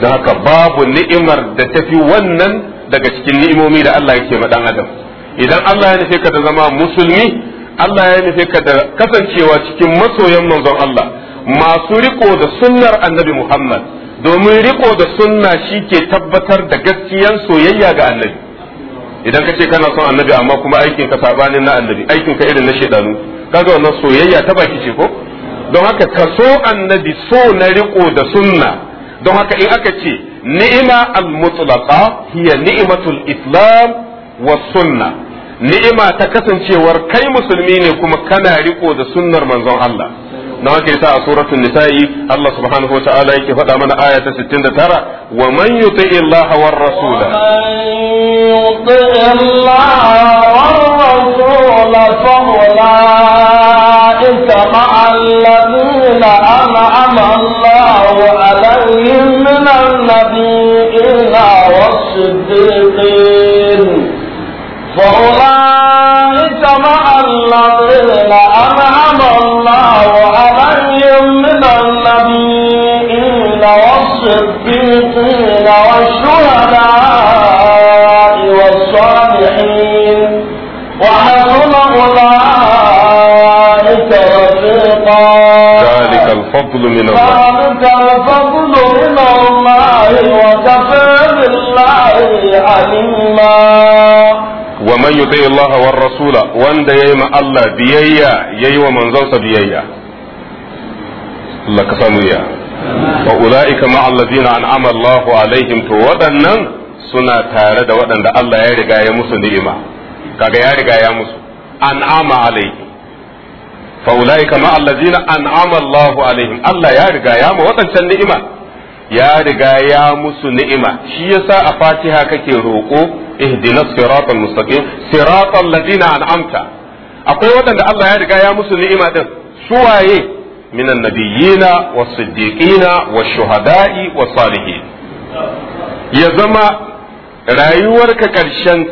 don haka babu ni'imar da tafi wannan daga cikin ni'imomi da Allah yake maɗan dan adam idan Allah ya nufe ka da zama musulmi Allah ya nufe ka da kasancewa cikin masoyan manzon Allah masu riko da sunnar annabi Muhammad domin riko da sunna shi ke tabbatar da gaskiyan soyayya ga annabi idan ka ce kana son annabi amma kuma aikin ka sabanin na annabi aikin ka irin na shedanu kaga wannan soyayya ta baki ce ko don haka ka so annabi so na riko da sunna don haka in aka ce ni'ima al-mutlaqa hiya ni'matul islam wa sunna ni'ima ta kasancewar kai musulmi ne kuma kana riko da sunnar manzon Allah na wake yasa a suratul nisa'i Allah subhanahu wa ta'ala yake faɗa mana aya ta 69 wa man yuti Allah war rasula man yuti Allah war rasula fa ulaika ma'a alladhina عليما ومن يطيع الله والرسول وان يما الله بييا يي ومن زوس بييا الله كسامو يا وأولئك مع الذين أنعم الله عليهم تو suna tare da waɗanda Allah ya riga ya musu ni'ima kaga ya riga ya musu an'ama alaihi fa ulaika ma allazina an'ama Allahu alaihim Allah ya riga ya ma waɗancan ni'ima ya riga ya musu ni'ima shi yasa a fatiha kake roƙo ihdina siratal mustaqim siratal ladina an'amta akwai waɗanda Allah ya riga ya musu ni'ima din suwaye minan nabiyina was-siddiqina wa shuhadai was-salihin ya zama rayuwarka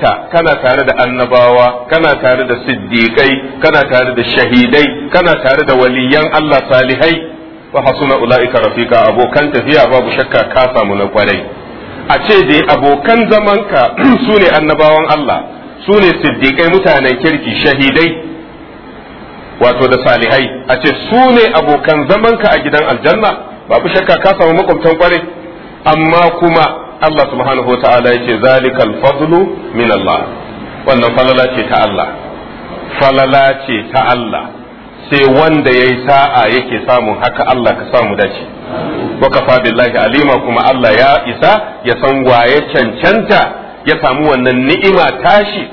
ta kana tare da annabawa kana tare da siddiƙai kana tare da shahidai kana tare da waliyan Allah salihai wa hasuna ula'ika rafika abokan tafiya babu shakka ka samu na kwarai a ce dai abokan zamanka su ne annabawan Allah su ne siddiƙai mutanen kirki shahidai wato da salihai a ce su ne abokan zamanka a gidan aljanna babu shakka ka samu makwabtan kwarai amma kuma Allah subhanahu wa ta'ala ya ce zalikal fadlu min Allah wannan falala ce ta Allah falala ce ta Allah sai wanda ya yi sa'a yake samun haka Allah ka samu dace wa kafa billahi alima kuma Allah ya isa ya san waye cancanta ya samu wannan ni'ima tashi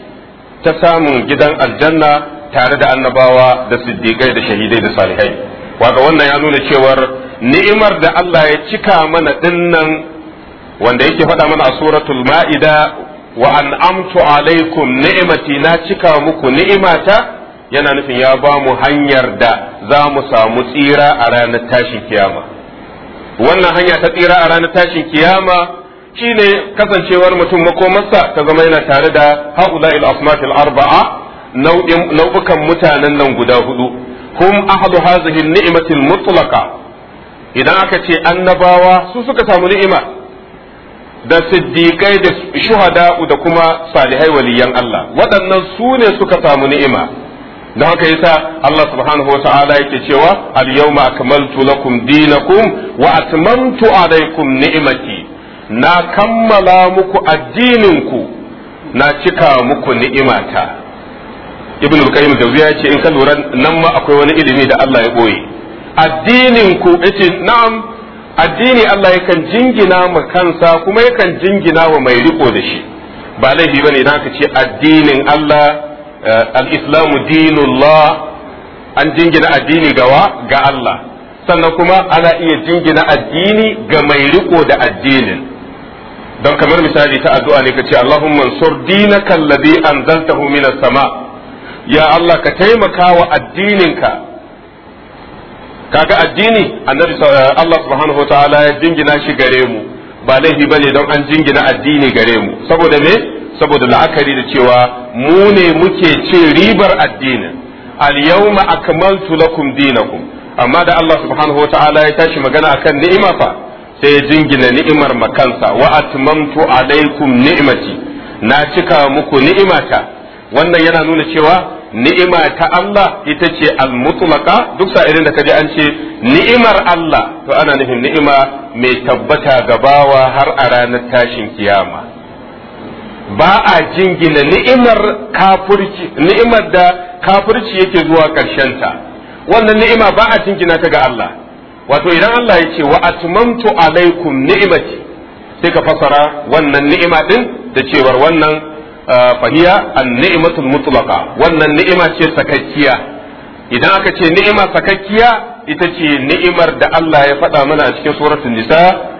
ta samun gidan aljanna tare da annabawa da siddiqai da shahidai da salihai waga wannan ya nuna cewar ni'imar da Allah ya cika mana dinnan wanda yake faɗa mana a suratul ma'ida wa an'amtu alaikum ni'imati na cika muku ni'imata yana nufin ya ba mu hanyar da za mu samu tsira a ranar tashin kiyama wannan hanya ta tsira a ranar tashin kiyama shine kasancewar mutum makomarsa ta zama yana tare da haula'il asmatil arba'a nau'ukan mutanen nan guda hudu hum ahadu hazihi ni'matil mutlaqa idan aka ce annabawa su suka samu ni'ima da siddiqai da shuhada da kuma salihai waliyan Allah waɗannan su ne suka samu ni'ima da haka yasa Allah subhanahu wa ta'ala yake cewa al-yawma akmaltu lakum dinakum wa atmamtu alaykum ni'mati na kammala muku addininku na cika muku ni'imata ibn al-qayyim ya ce in ka lura nan ma akwai wani ilimi da Allah ya boye addininku yace na'am addini Allah yakan jingina ma kansa kuma yakan jingina wa mai riko da shi ba laifi bane idan ka ce addinin Allah Eh, al-islamu dinullah an jingina addini gawa ga Allah sannan kuma ana iya jingina addini ga mai riko da addinin don kamar misali ta addu'a ne ka ce Allahumma ansur dinaka alladhi anzaltahu minas sama ya Allah ka taimaka wa addininka kaga addini annabi Allah subhanahu wa ta'ala ya jingina shi gare mu ba laifi ba ne don an jingina addini gare mu saboda me saboda la'akari da cewa mu ne muke cin ribar addinin al-yawma akmaltu lakum dinakum amma da Allah subhanahu wa ya tashi magana akan ni'ima fa sai ya jingina ni'imar makansa wa atmamtu alaikum ni'mati na cika muku ni'imata wannan yana nuna cewa ni'ima ta Allah ita ce al-mutlaqa duk sa'irin da kaji an ce ni'imar Allah to ana nufin ni'ima mai tabbata gabawa har a ranar tashin kiyama ba a jingina ni'imar kafirci ni'imar da kafirci yake zuwa karshen ta wannan ni'ima ba a jingina ta ga Allah wato idan Allah ya ce wa atmamtu alaikum ni'imati sai ka fasara wannan ni'ima din da cewar wannan fahiya an ni'imatul mutlaqa wannan ni'ima ce sakakkiya idan aka ce ni'ima sakakkiya ita ce ni'imar da Allah ya faɗa mana a cikin suratul nisa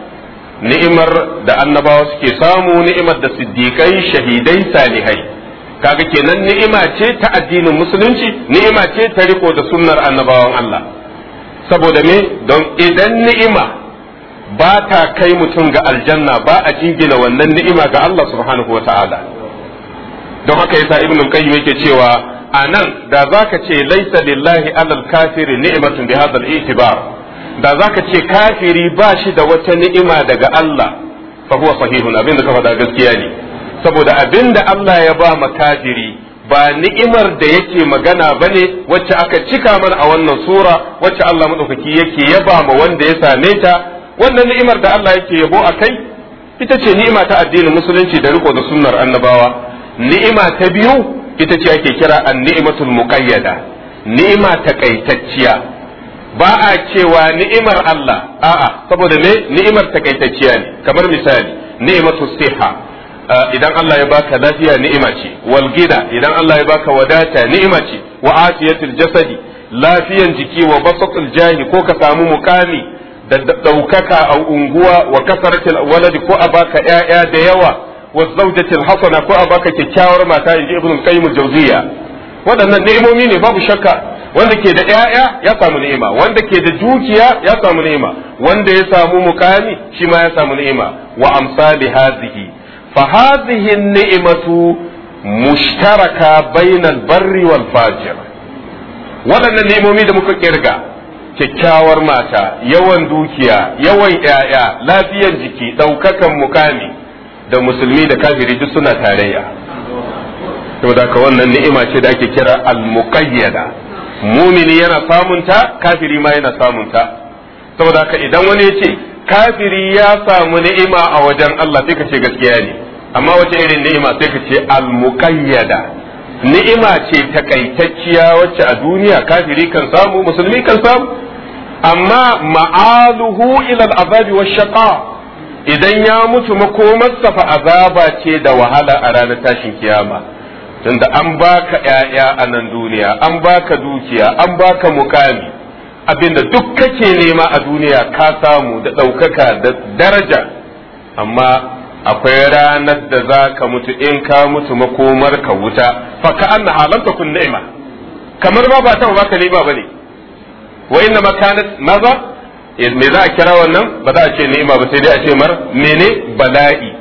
ni'imar da annabawa suke samu ni'imar da siddiqai shahidai salihai kaga kenan ni'ima ce ta addinin musulunci ni'ima ce ta riko da sunnar annabawan Allah saboda me don idan ni'ima ba ta kai mutum ga aljanna ba a jingina wannan ni'ima ga Allah subhanahu wata'ala don haka yasa ibn qayyim yake cewa anan da zaka ce laisa lillahi alal kafiri ni'matun bi hadha al-i'tibar da zaka ce kafiri ba shi da wata ni'ima daga Allah fa huwa sahihun abin da ka faɗa gaskiya ne saboda abin da Allah ya ba ma kafiri ba ni'imar da yake magana ba ne wacce aka cika mana a wannan sura wacce Allah madaukaki yake yaba ma wanda ya same ta wannan ni'imar da Allah yake yabo akai ita ce ni'ima ta addinin musulunci da riko da sunnar annabawa ni'ima ta biyu ita ce ake kira an-ni'matul muqayyada ni'ima ta takaitacciya ba a cewa ni'imar Allah a'a saboda me ni'imar takaitacciya ne kamar misali ni'imatu siha idan Allah ya baka lafiya ni'ima ce wal gida idan Allah ya baka wadata ni'ima ce wa afiyatul jasadi lafiyan jiki wa basatul jahi ko ka samu mukami da daukaka a unguwa wa kasaratil waladi ko a baka yaya da yawa wa zawjatil hasana ko a baka kyakkyawar mata inji ibnu qayyim jawziya waɗannan ni'imomi ne babu shakka wanda ke da ƴaƴa ya samu ni'ima wanda ke da dukiya ya samu ni'ima wanda ya samu mukami shi ma ya samu ni'ima wa amsali hadhihi fa hadhihi ni'imatu mushtaraka al barri wal fajir waɗannan ni'imomi da muka kirga kyakkyawar mata yawan dukiya yawan ƴaƴa lafiyar jiki ɗaukakan mukami da musulmi da kafiri duk suna tarayya saboda ka wannan ni'ima ce da ake kira al-muqayyada mumini yana samunta kafiri ma yana samunta saboda haka idan wani ya ce kafiri ya samu ni'ima a wajen Allah sai ka ce gaskiya ne amma wace irin ni'ima sai ka ce al-muqayyada ni'ima ce takaitacciya wacce a duniya kafiri kan samu musulmi kan samu amma ma'aluhu ila wa shaqa idan ya mutu makomarsa fa azaba ce da wahala a ranar tashin kiyama tunda an baka ƴaƴa a nan duniya an baka dukiya an baka mukami abinda duk kake nema a duniya ka samu da ɗaukaka da daraja amma akwai ranar da za ka mutu in ka mutu makomar ka wuta fa ka anna halam kun ni'ima kamar ma ba ta ba ka ni'ima bane wa inna makanat maza eh, me za a kira wannan ba za a ce ni'ima ba sai dai a ce mar mene bala'i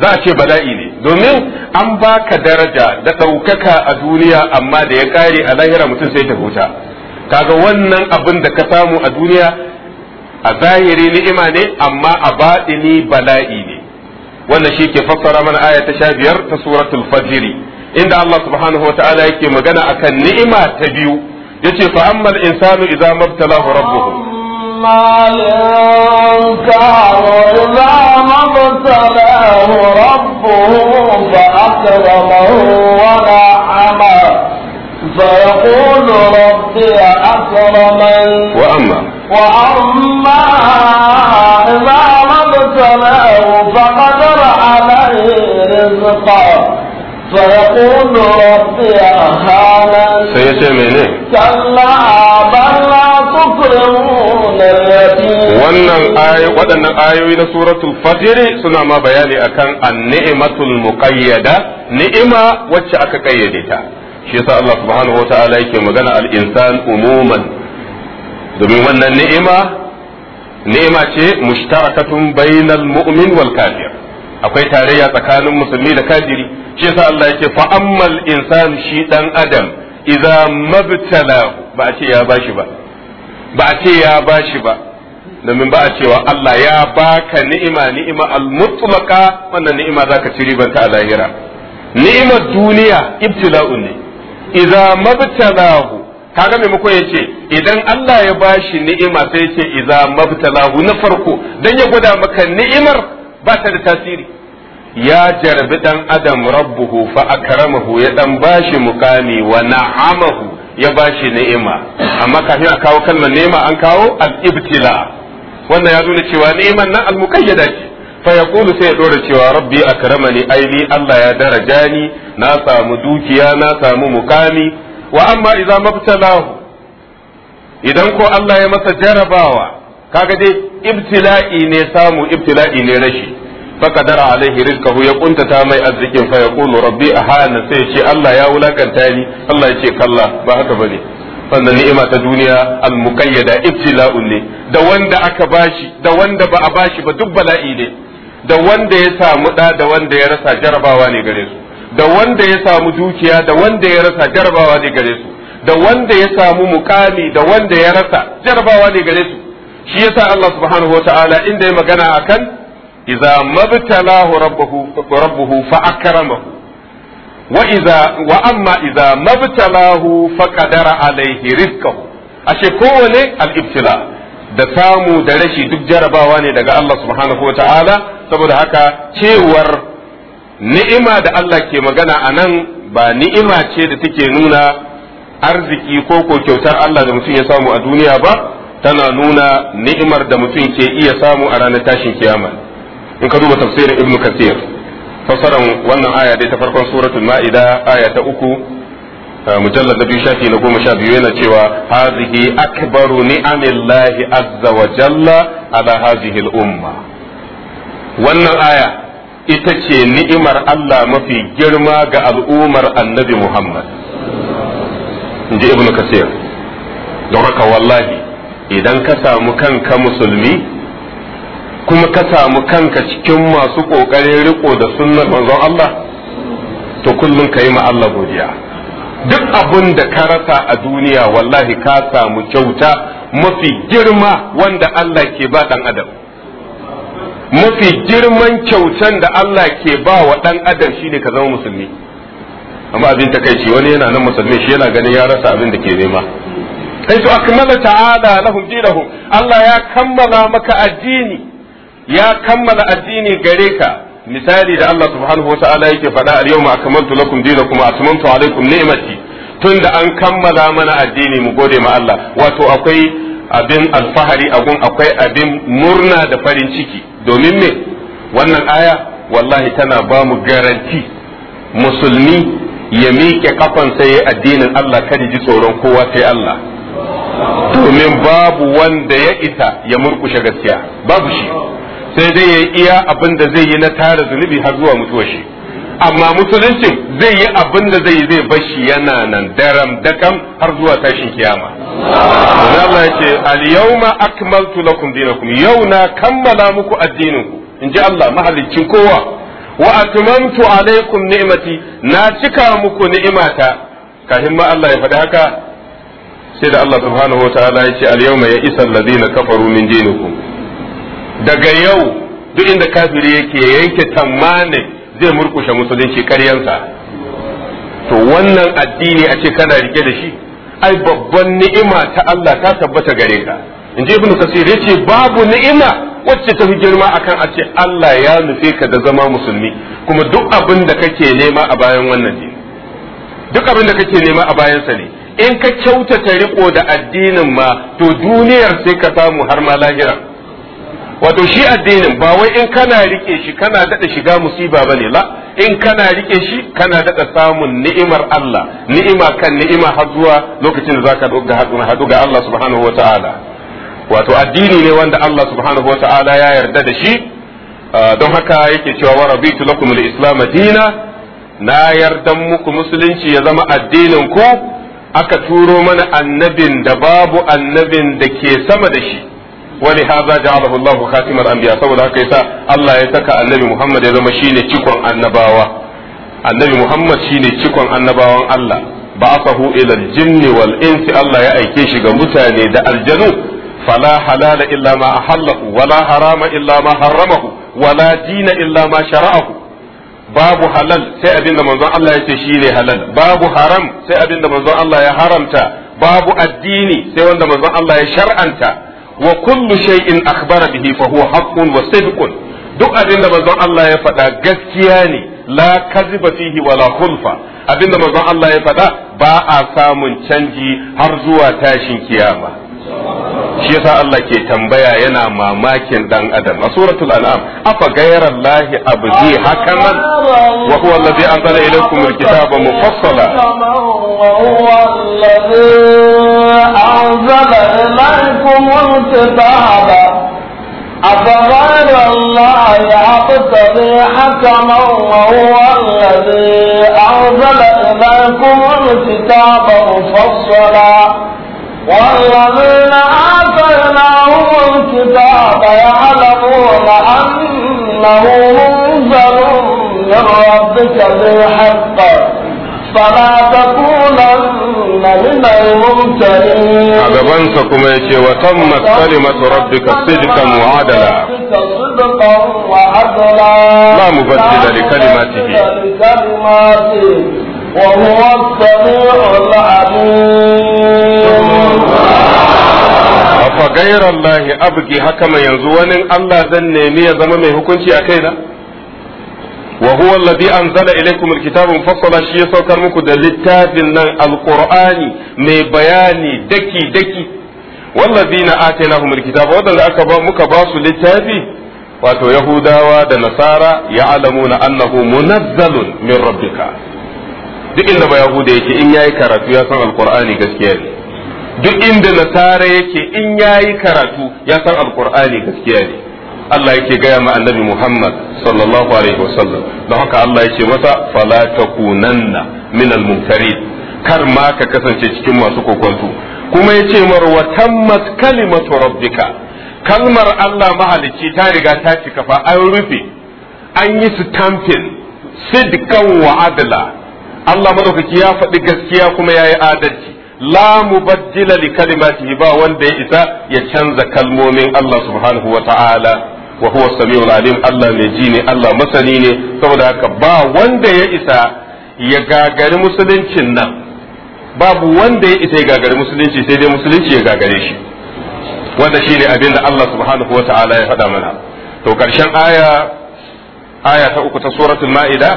za a ce bala'i ne domin an baka daraja da ɗaukaka a duniya amma da ya ƙare a lahira mutum sai ta huta kaga wannan abin da ka samu a duniya a zahiri ni'ima ne amma a baɗini bala'i ne wannan shi ke fassara mana aya ta sha biyar ta suratul fajiri inda Allah subhanahu wa ta'ala yake magana akan ni'ima ta biyu yace fa al insanu idza mabtalahu rabbuhu أما إذا ما ابتلاه ربه فأكرمه ونعمه فيقول ربي أكرمن وأما وأما إذا ما ابتلاه فقدر عليه رزقه فيقول ربي أهانن سيتمني كلا بل لا تكرمون wannan waɗannan ayoyi na suratul fatir suna ma bayani akan an-ni'matul muqayyada ni'ima wacce aka kayyade ta shi yasa Allah subhanahu wataala yake magana al-insan umuman domin wannan ni'ima ni'ima ce mushtarakatun bainal mu'min wal kafir akwai tarayya tsakanin musulmi da kafiri shi yasa Allah yake fa ammal insan shi dan adam idza mabtala ba a ce ya bashi ba ba a ce ya bashi ba domin ba a cewa Allah ya baka ni'ima ni'ima al mutlaqa wannan ni'ima zaka ci riban a lahira ni'imar duniya ibtila'u ne idza mabtalahu kaga maimako yace idan Allah ya bashi ni'ima sai yace idza mabtalahu na farko dan ya gwada maka ni'imar ba ta da tasiri ya jarbi dan adam rabbuhu fa akramahu ya dan bashi mukami wa na'amahu ya bashi ni'ima amma kafin a kawo kalmar ni'ima an kawo al-ibtila' wannan ya nuna cewa neman nan al-muqayyada ce fa yaqulu sai dora cewa rabbi a karama akramani aili Allah ya daraja ni na samu dukiya na samu mukami wa amma idan mabtalahu idan ko Allah ya masa jarabawa kaga dai ibtila'i ne samu ibtila'i ne rashi faqadara alaihi rizqahu ya kuntata mai arzikin rabbi a rabbi na sai ce Allah ya wulakanta ni Allah ya ce kalla ba haka bane wannan ni'ima ta duniya al-muqayyada ibtila'un ne da wanda aka bashi da wanda ba a bashi ba duk bala'i ne da wanda ya samu da da wanda ya rasa jarabawa ne gare su da wanda ya samu dukiya da wanda ya rasa jarabawa ne gare su da wanda ya samu mukami da wanda ya rasa jarabawa ne gare su shi yasa Allah subhanahu wataala inda ya magana akan idza mabtalahu rabbuhu rabbuhu fa akramahu wa idza wa amma idza mabtalahu fa qadara alayhi rizqahu ashe kowane al-ibtila da samu da rashi duk jarabawa ne daga Allah subhanahu wa ta'ala saboda haka cewar ni'ima da Allah ke magana a nan ba ni'ima ce da take nuna arziki ko ko kyautar Allah da mutum ya samu a duniya ba tana nuna ni'imar da mutum ke iya samu a ranar tashin kiyama in ka duba tafsirin ibnu kasir fasaran wannan aya dai ta farkon suratul ma'ida aya ta uku mujallar da biyu shafi na goma sha biyu yana cewa hazihi akbaru ni'amillahi azza wa jalla wannan aya ita ce ni'imar Allah mafi girma ga al'ummar annabi Muhammad in ji ibnu kasir don haka wallahi idan ka samu kanka musulmi kuma ka samu kanka cikin masu ƙoƙarin riko da sunnar manzon Allah to kullum ka yi ma Allah godiya duk abun da ka rasa a duniya wallahi ka samu kyauta mafi girma wanda Allah ke ba dan adam mafi girman kyautan da Allah ke ba wa dan adam shine ka zama musulmi amma abin takaici wani yana nan musulmi shi yana ganin ya rasa abin da ke nema akmala ta'ala lahum لهم Allah ya kammala maka addini ya kammala addini gare ka. misali da Allah subhanahu wa ta'ala yake faɗa a yawma akamantu lakum dinakum wa atmamtu alaykum ni'mati tunda an kammala mana addini mu gode ma Allah wato akwai abin alfahari agun akwai abin murna da farin ciki domin me wannan aya wallahi tana ba mu garanti musulmi ya miƙe kafan ya addinin Allah kada ji tsoron kowa sai Allah domin babu wanda ya isa ya murkushe gaskiya babu shi sai dai yayi iya abin da zai yi na tara zunubi har zuwa mutuwa shi amma musulunci zai yi abin da zai zai bashi yana nan daram dakam har zuwa tashin kiyama Allah ya ce al-yawma akmaltu lakum dinakum yau na kammala muku addininku in ji Allah mahalicin kowa wa atmamtu alaikum ni'mati na cika muku ni'imata kafin ma Allah ya faɗi haka sai da Allah subhanahu wa ta'ala ya ce al-yawma ya isa allazina kafaru min dinikum daga yau duk inda kafiri yake yanke tamane zai murkushe musulunci karyansa to wannan addini a ce kana rike da shi ai babban ni'ima ta Allah ta tabbata gare ka in ji ibnu kasir yace babu ni'ima wacce ta fi girma akan a ce Allah ya nufe ka da zama musulmi kuma duk abin da kake nema a bayan wannan ne duk abin da kake nema a bayan sa ne in ka kyautata riko da addinin ma to duniyar sai ka samu har ma lahira wato shi addinin ba wai in kana rike shi kana dada shiga musiba ne la in kana rike shi kana dada samun ni'imar Allah ni'ima kan ni'ima har zuwa lokacin da zaka ga hadu ga Allah subhanahu wataala wato addini ne wanda Allah subhanahu wataala ya yarda da shi ah, don haka yake cewa wa rabitu lakum al-islam dina na yardan muku musulunci ya zama addinin ku aka turo mana annabin da babu annabin da ke sama da shi wani haza ja'alahu Allah khatimar anbiya saboda haka yasa Allah ya saka annabi Muhammad ya zama shine cikon annabawa annabi Muhammad shine cikon annabawan Allah ba'athahu ila al-jinni wal insi Allah ya aike shi ga mutane da aljanu fala halala illa ma ahallahu wala harama illa ma harramahu wala dina illa ma shara'ahu babu halal sai abinda manzon Allah yake shine halal babu haram sai abinda manzon Allah ya haramta babu addini sai wanda manzon Allah ya shar'anta wa kullu shay'in akhbara bihi fa huwa haqqun wa sidqun duk abinda manzon Allah ya faɗa gaskiya ne la kadhiba fihi wala khulfa abinda manzon Allah ya faɗa ba a samun canji har zuwa tashin kiyama shi yasa Allah ke tambaya yana mamakin dan adam a suratul an'am afa ghayra allahi abdi hakaman wa huwa alladhi anzala ilaykum alkitaba mufassala wa huwa alladhi anzala لكم الكتاب أفغير الله أقتضي حكما وهو الذي أنزل إليكم الكتاب مفصلا والذين آتيناهم الكتاب يعلمون أنه منزل من ربك بالحق فلا تكونن a gabansa kuma ya ce wa tammat kalimatu rabbika sidqan wa adala la mubaddila li kalimatihi wa huwa as-sami'ul A fa gairar lahi abgi haka mai yanzu wani Allah zan nemi ya zama mai hukunci a kaina? wa huwa alladhi anzala ilaykum alkitaba mufassala shi ya saukar muku da littafin nan alqur'ani mai bayani daki daki walladhina atainahum alkitaba wadanda aka ba muka ba su littafi wato yahudawa da nasara na annahu munazzalun min rabbika duk inda ba yahuda yake in yayi karatu ya san alqur'ani gaskiya ne duk inda nasara yake in yayi karatu ya san alqur'ani gaskiya ne Allah yake gaya ma annabi Muhammad sallallahu alaihi wasallam don haka Allah yake masa fala takunanna min al-mumtarin kar ma ka kasance cikin masu kokonto kuma yace mar wa tammat kalimatu rabbika kalmar Allah mahalicci ta riga ta cika fa an rufe an yi stamping sidqan wa adla Allah madaukaki ya faɗi gaskiya kuma yayi adalci la mubaddila li kalimatihi ba wanda ya isa ya canza kalmomin Allah subhanahu wa ta'ala wa huwa samiul alim Allah mai ji ne Allah masani ne saboda haka ba wanda ya isa ya gagari musuluncin nan babu wanda ya isa ya gagari musulunci sai dai musulunci ya gagare shi wanda shine abin da Allah subhanahu wataala ya faɗa mana to karshen aya aya ta uku ta suratul ma'ida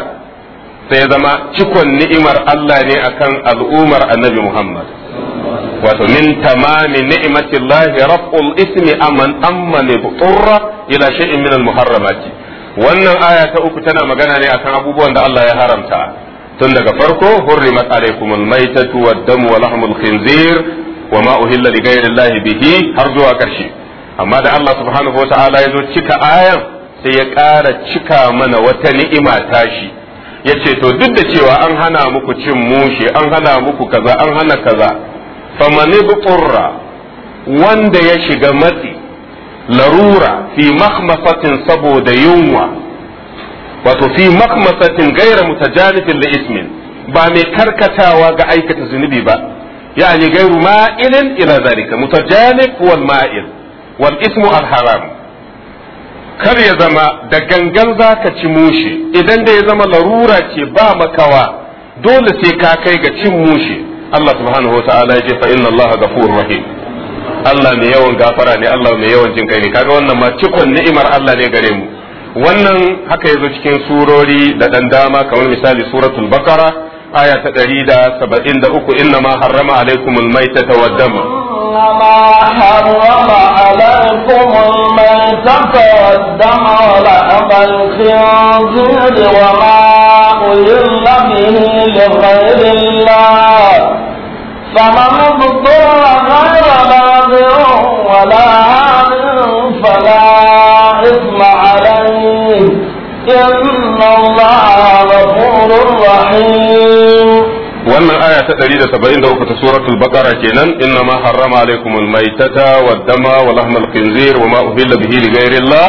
sai ya zama cikon ni'imar Allah ne akan al'ummar annabi Muhammad wato min tamami ni'mati Allah raf'ul ismi amman amma ne turra ila shay'in min al-muharramati wannan aya ta uku tana magana ne akan abubuwan da Allah ya haramta tun daga farko hurrimat alaykumul maytatu wad-damu wa lahmul khinzir wa ma uhilla li ghayri bihi har zuwa karshe amma da Allah subhanahu wa ta'ala ya zo cika ayan sai ya ƙara cika mana wata ni'ima tashi yace to duk da cewa an hana muku cin mushi an hana muku kaza an hana kaza famani buƙurra wanda ya shiga matsi larura fi makhmasatin saboda yunwa wato fi makhmasatin gaira mutajanifin li ismin ba mai karkatawa ga aikata zunubi ba yani gairu ma'ilin ila zalika mutajanif wal ma'il wal ismu al haram kar ya zama da gangan zaka ci mushe idan da ya zama larura ce ba makawa dole sai ka kai ga cin mushe Allah subhanahu wataala ya ce fa inna Allah ghafurur rahim Allah mai yawan gafara ne Allah mai yawan jin kai ne kaga wannan ma cikon ni'imar Allah ne gare mu wannan haka yazo cikin surori da dan dama kamar misali suratul baqara aya ta 173 inna ma harrama alaikumul maitata wad dama إنما حرم عليكم الميتة والدم ولحم الخنزير وما أهل به لغير الله فمن اضطر غير باغ ولا عاد فلا إثم عليه إن الله غفور رحيم wannan aya ta 173 ta suratul baqara kenan inna ma harrama alaikum almaytata waddama wa lahmal khinzir wa ma uhilla bihi li ghayrillah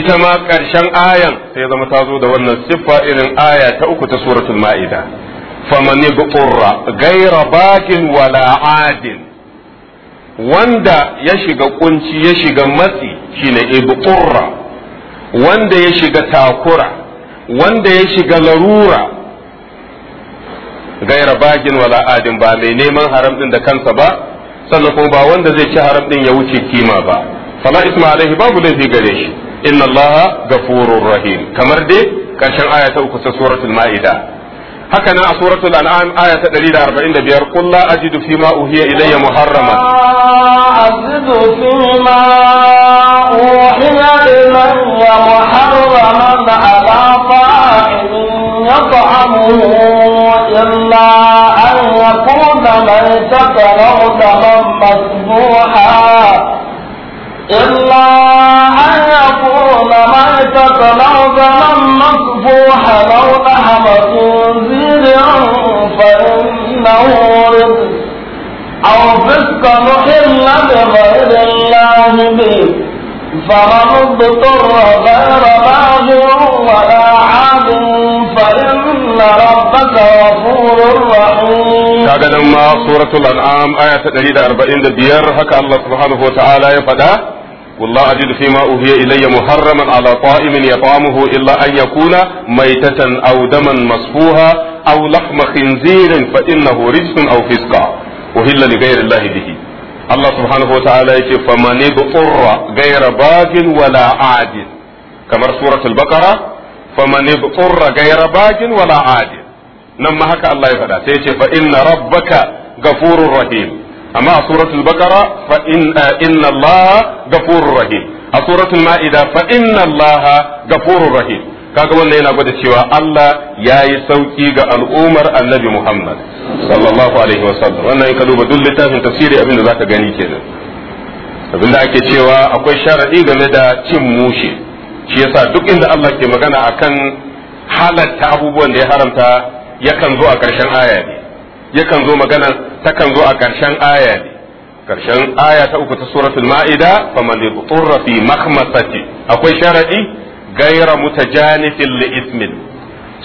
ita ma karshen ayan sai zama ta zo da wannan siffa irin aya ta uku ta suratul ma'ida faman yadurra gaira wanda ya shiga kunci ya shiga matsi shine ibqurra wanda ya shiga takura wanda ya shiga larura gaira bagin wala ba mai neman haram ɗin da kansa ba sannan kuma ba wanda zai ci haram ɗin ya wuce kima ba fala isma alaihi babu laifi gare shi inna allaha gafurur rahim kamar dai karshen aya ta uku ta suratul ma'ida haka nan a suratul an'am aya ta 145 qul la ajidu fi ma uhiya ilayya muharrama ajidu fi ma uhiya ilayya muharrama ala ta'in yat'amu illa an yakuna maytatan aw daman masbuha إلا أن يكون ميتة أو دما مصفوحا أو لحم خنزير فإنه أو فسقا محلا بغير الله به فمن اضطر غير باغ ولا عاد فإن ربك غفور رحيم كذا لما سورة الأنعام آية 145 هكا الله سبحانه وتعالى يفدى والله أجد فيما أوهي إلي محرما على طائم يطعمه إلا أن يكون ميتة أو دما مصفوها أو لحم خنزير فإنه رجس أو فسقا أهل لغير الله به الله سبحانه وتعالى يقول فمن اضطر غير باق ولا عاد كما سورة البقرة فمن اضطر غير باق ولا عاد نما هكا الله يفعل فإن ربك غفور رحيم amma a suratul bakara fa inna allaha ghafurur rahim a suratul ma'ida fa inna allaha ghafurur rahim kaga wannan yana gwada cewa Allah yayi sauki ga al'ummar Annabi Muhammad sallallahu alaihi wasallam wannan in ka duba duk littafin tafsiri abin da zaka gani kenan Abinda ake cewa akwai sharadi game da cin mushe shi yasa duk inda Allah ke magana akan halatta abubuwan da ya haramta yakan zo a ƙarshen aya ne yakan zo magana takan zo a ƙarshen aya ne ƙarshen aya ta uku ta suratul ma'ida faman yuturra fi makhmasati akwai sharadi gaira mutajanifin li ismin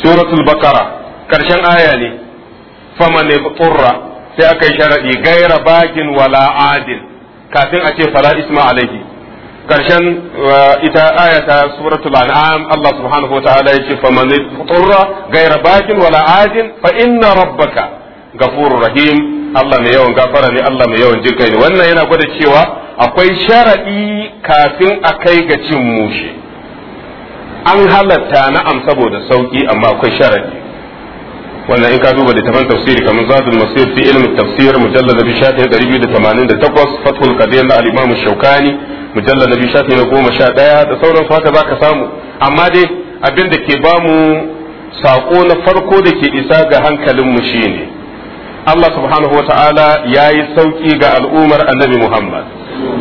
suratul baqara ƙarshen aya ne faman yuturra sai aka yi sharadi gaira bakin wala adin kafin a ce fala isma alaihi ƙarshen eh, ita aya ta suratul an'am Allah subhanahu wa ta'ala yace faman yuturra gaira bakin wala adin fa inna rabbaka gafurur rahim Allah mai yawan gafara ne Allah mai yawan jinkai ne wannan yana gwada cewa akwai sharaɗi kafin a kai ga cin mushe an halatta na'am saboda sauki amma akwai sharaɗi. wannan in ka duba littafin tafsiri kamar zadul masir fi ilmi tafsir mujallad bi shafi 288 fathul qadir na al-imam shaukani mujallad bi shafi na ɗaya, da sauran fata za ka samu amma dai abin da ke bamu sako na farko da ke isa ga hankalin mu shine Allah subhanahu wa ta'ala ya yi sauƙi ga al'ummar annabi Muhammad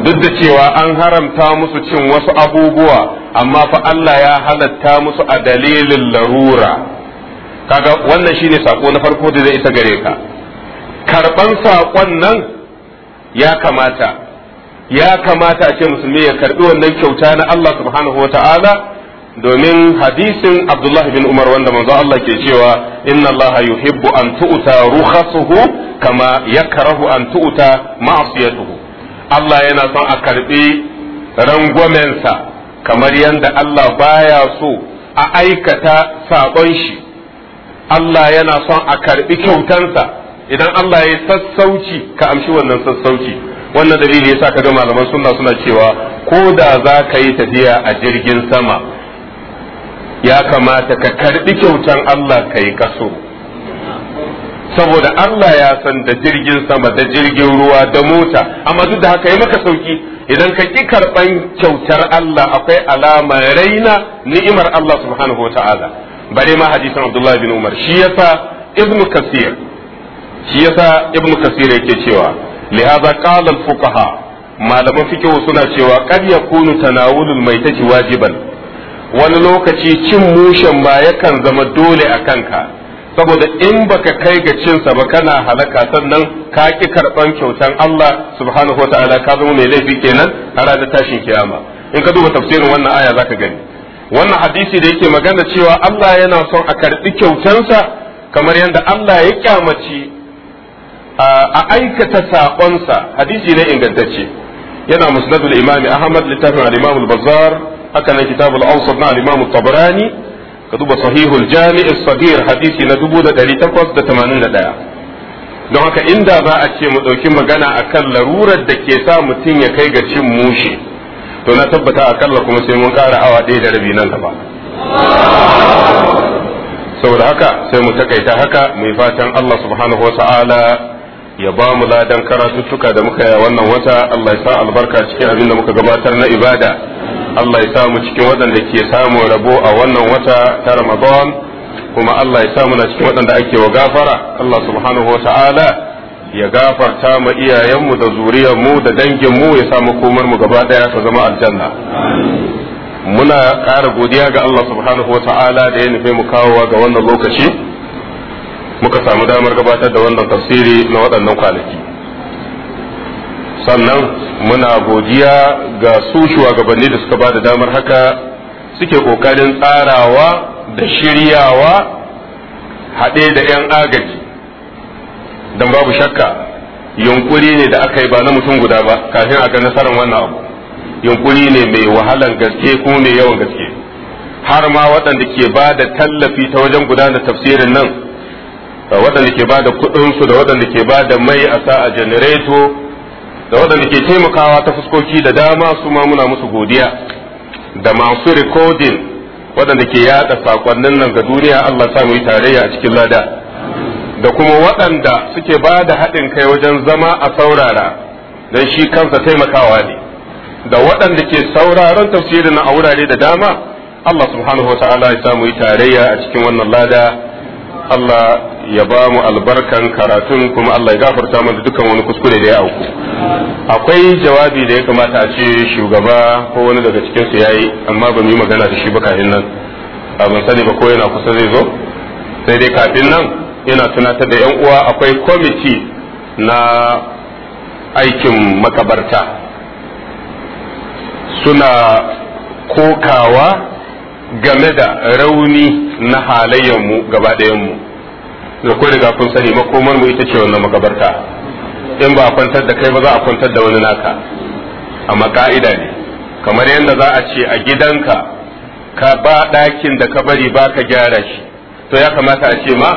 duk da cewa an haramta musu cin wasu abubuwa amma fa Allah ya halatta musu a dalilin larura kaga wannan shine sako na farko da zai isa gare ka karban saƙon nan ya kamata ya kamata a ce musulmi ya karɓi wannan kyauta na Allah subhanahu wa ta'ala domin hadisin Abdullahi bin Umar wanda manzo Allah ke cewa inna Allah yuhibbu an tu'ta rukhasuhu kama yakrahu an tu'ta ma'siyatuhu Allah yana son a karbi rangwamensa kamar yadda Allah baya so a aikata sabon shi Allah yana son a karbi kyautansa idan Allah ya sassauci ka amshi wannan sassauci wannan dalili yasa kaga malaman sunna suna cewa ko da za ka yi tafiya a jirgin sama ya kamata ka karbi kyautan Allah ka yi kaso saboda Allah ya san da jirgin sama da jirgin ruwa da mota amma duk da haka yi maka sauki idan ka ki karban kyautar Allah akwai alama raina ni'imar Allah subhanahu wataala bare ma hadisin Abdullah bin Umar shi yasa Ibn Kasir shi yasa Ibn Kasir yake cewa lihaza qala al-fuqaha malaman fiqh suna cewa qad yakunu tanawulul maitati wajiban wani lokaci cin mushen ba yakan zama dole a kanka saboda in baka kai ga cinsa ba kana halaka sannan ka ki karban kyautan Allah subhanahu wataala ka zama mai laifi kenan a ranar tashin kiyama in ka duba tafsirin wannan aya zaka gani wannan hadisi da yake magana cewa Allah yana son a karbi kyautansa kamar yadda Allah ya kyamaci a aikata saƙonsa hadisi ne ingantacce yana musnadul imami ahmad littafin al-imam al-bazzar haka nan kitabul awsat na al-imam tabarani ka duba sahihul jami' as-saghir hadisi na 1881 don haka inda za a ce mu dauki magana akan larurar da ke sa mutum ya kai ga cin mushi to na tabbata akalla kuma sai mun kara awa ɗaya da rabi nan gaba saboda haka sai mu takaita haka mu yi fatan Allah subhanahu wata'ala ya ba mu ladan karatuttuka da muka yi wannan wata Allah ya sa albarka cikin abin da muka gabatar na ibada Allah ya samu cikin waɗanda ke samu rabo a wannan wata ta Ramadan kuma Allah ya samu na cikin waɗanda ake wa gafara Allah subhanahu wa ta'ala ya gafarta mu iyayenmu da zuriyarmu da danginmu ya samu komar mu gaba ɗaya ta zama aljanna muna ƙara godiya ga Allah subhanahu wa ta'ala da ya nufe mu kawowa ga wannan lokaci muka samu damar gabatar da wannan tafsiri na waɗannan kwanaki sannan muna godiya ga su shugabanni da suka ba da damar haka suke kokarin tsarawa da shiryawa haɗe da 'yan agaji don babu shakka yunkuri ne da aka yi ba na mutum guda ba kafin a ga nasarar wannan abu yunkuri ne mai wahalan gaske ko mai yawan gaske har ma waɗanda ke ba da tallafi ta wajen gudanar tafsirin nan waɗanda ke ba da kuɗinsu da waɗanda ke ba da mai a sa a janareto da waɗanda ke taimakawa ta fuskoki da dama su ma muna musu godiya da masu rikodin waɗanda ke yada sakonnin nan ga duniya Allah sa mu yi tarayya a cikin lada da kuma waɗanda suke ba da haɗin kai wajen zama a saurara don shi kansa taimakawa ne da waɗanda ke sauraron tafsirin a wurare da dama Allah subhanahu wa ta'ala ya samu yi tarayya a cikin wannan lada Allah ya ba mu albarkan karatun kuma Allah ya gafarta mana dukkan wani kuskure da ya auku akwai jawabi da ya kamata a ce shugaba ko wani daga cikin su yayi amma ba yi magana da shi ba kafin nan ban sani ba ko yana kusa zai zo sai dai kafin nan yana tunatar da yan uwa akwai kwamiti na aikin makabarta suna kokawa game da rauni na halayenmu gaba ɗayanmu mu da ko riga kun sani makomar mu ita ce wannan makabarta in ba a kwantar da kai ba za a kwantar da wani naka amma ka'ida ne kamar yadda za a ce a gidanka ka ba ɗakin da ka bari ba ka gyara shi to ya kamata a ce ma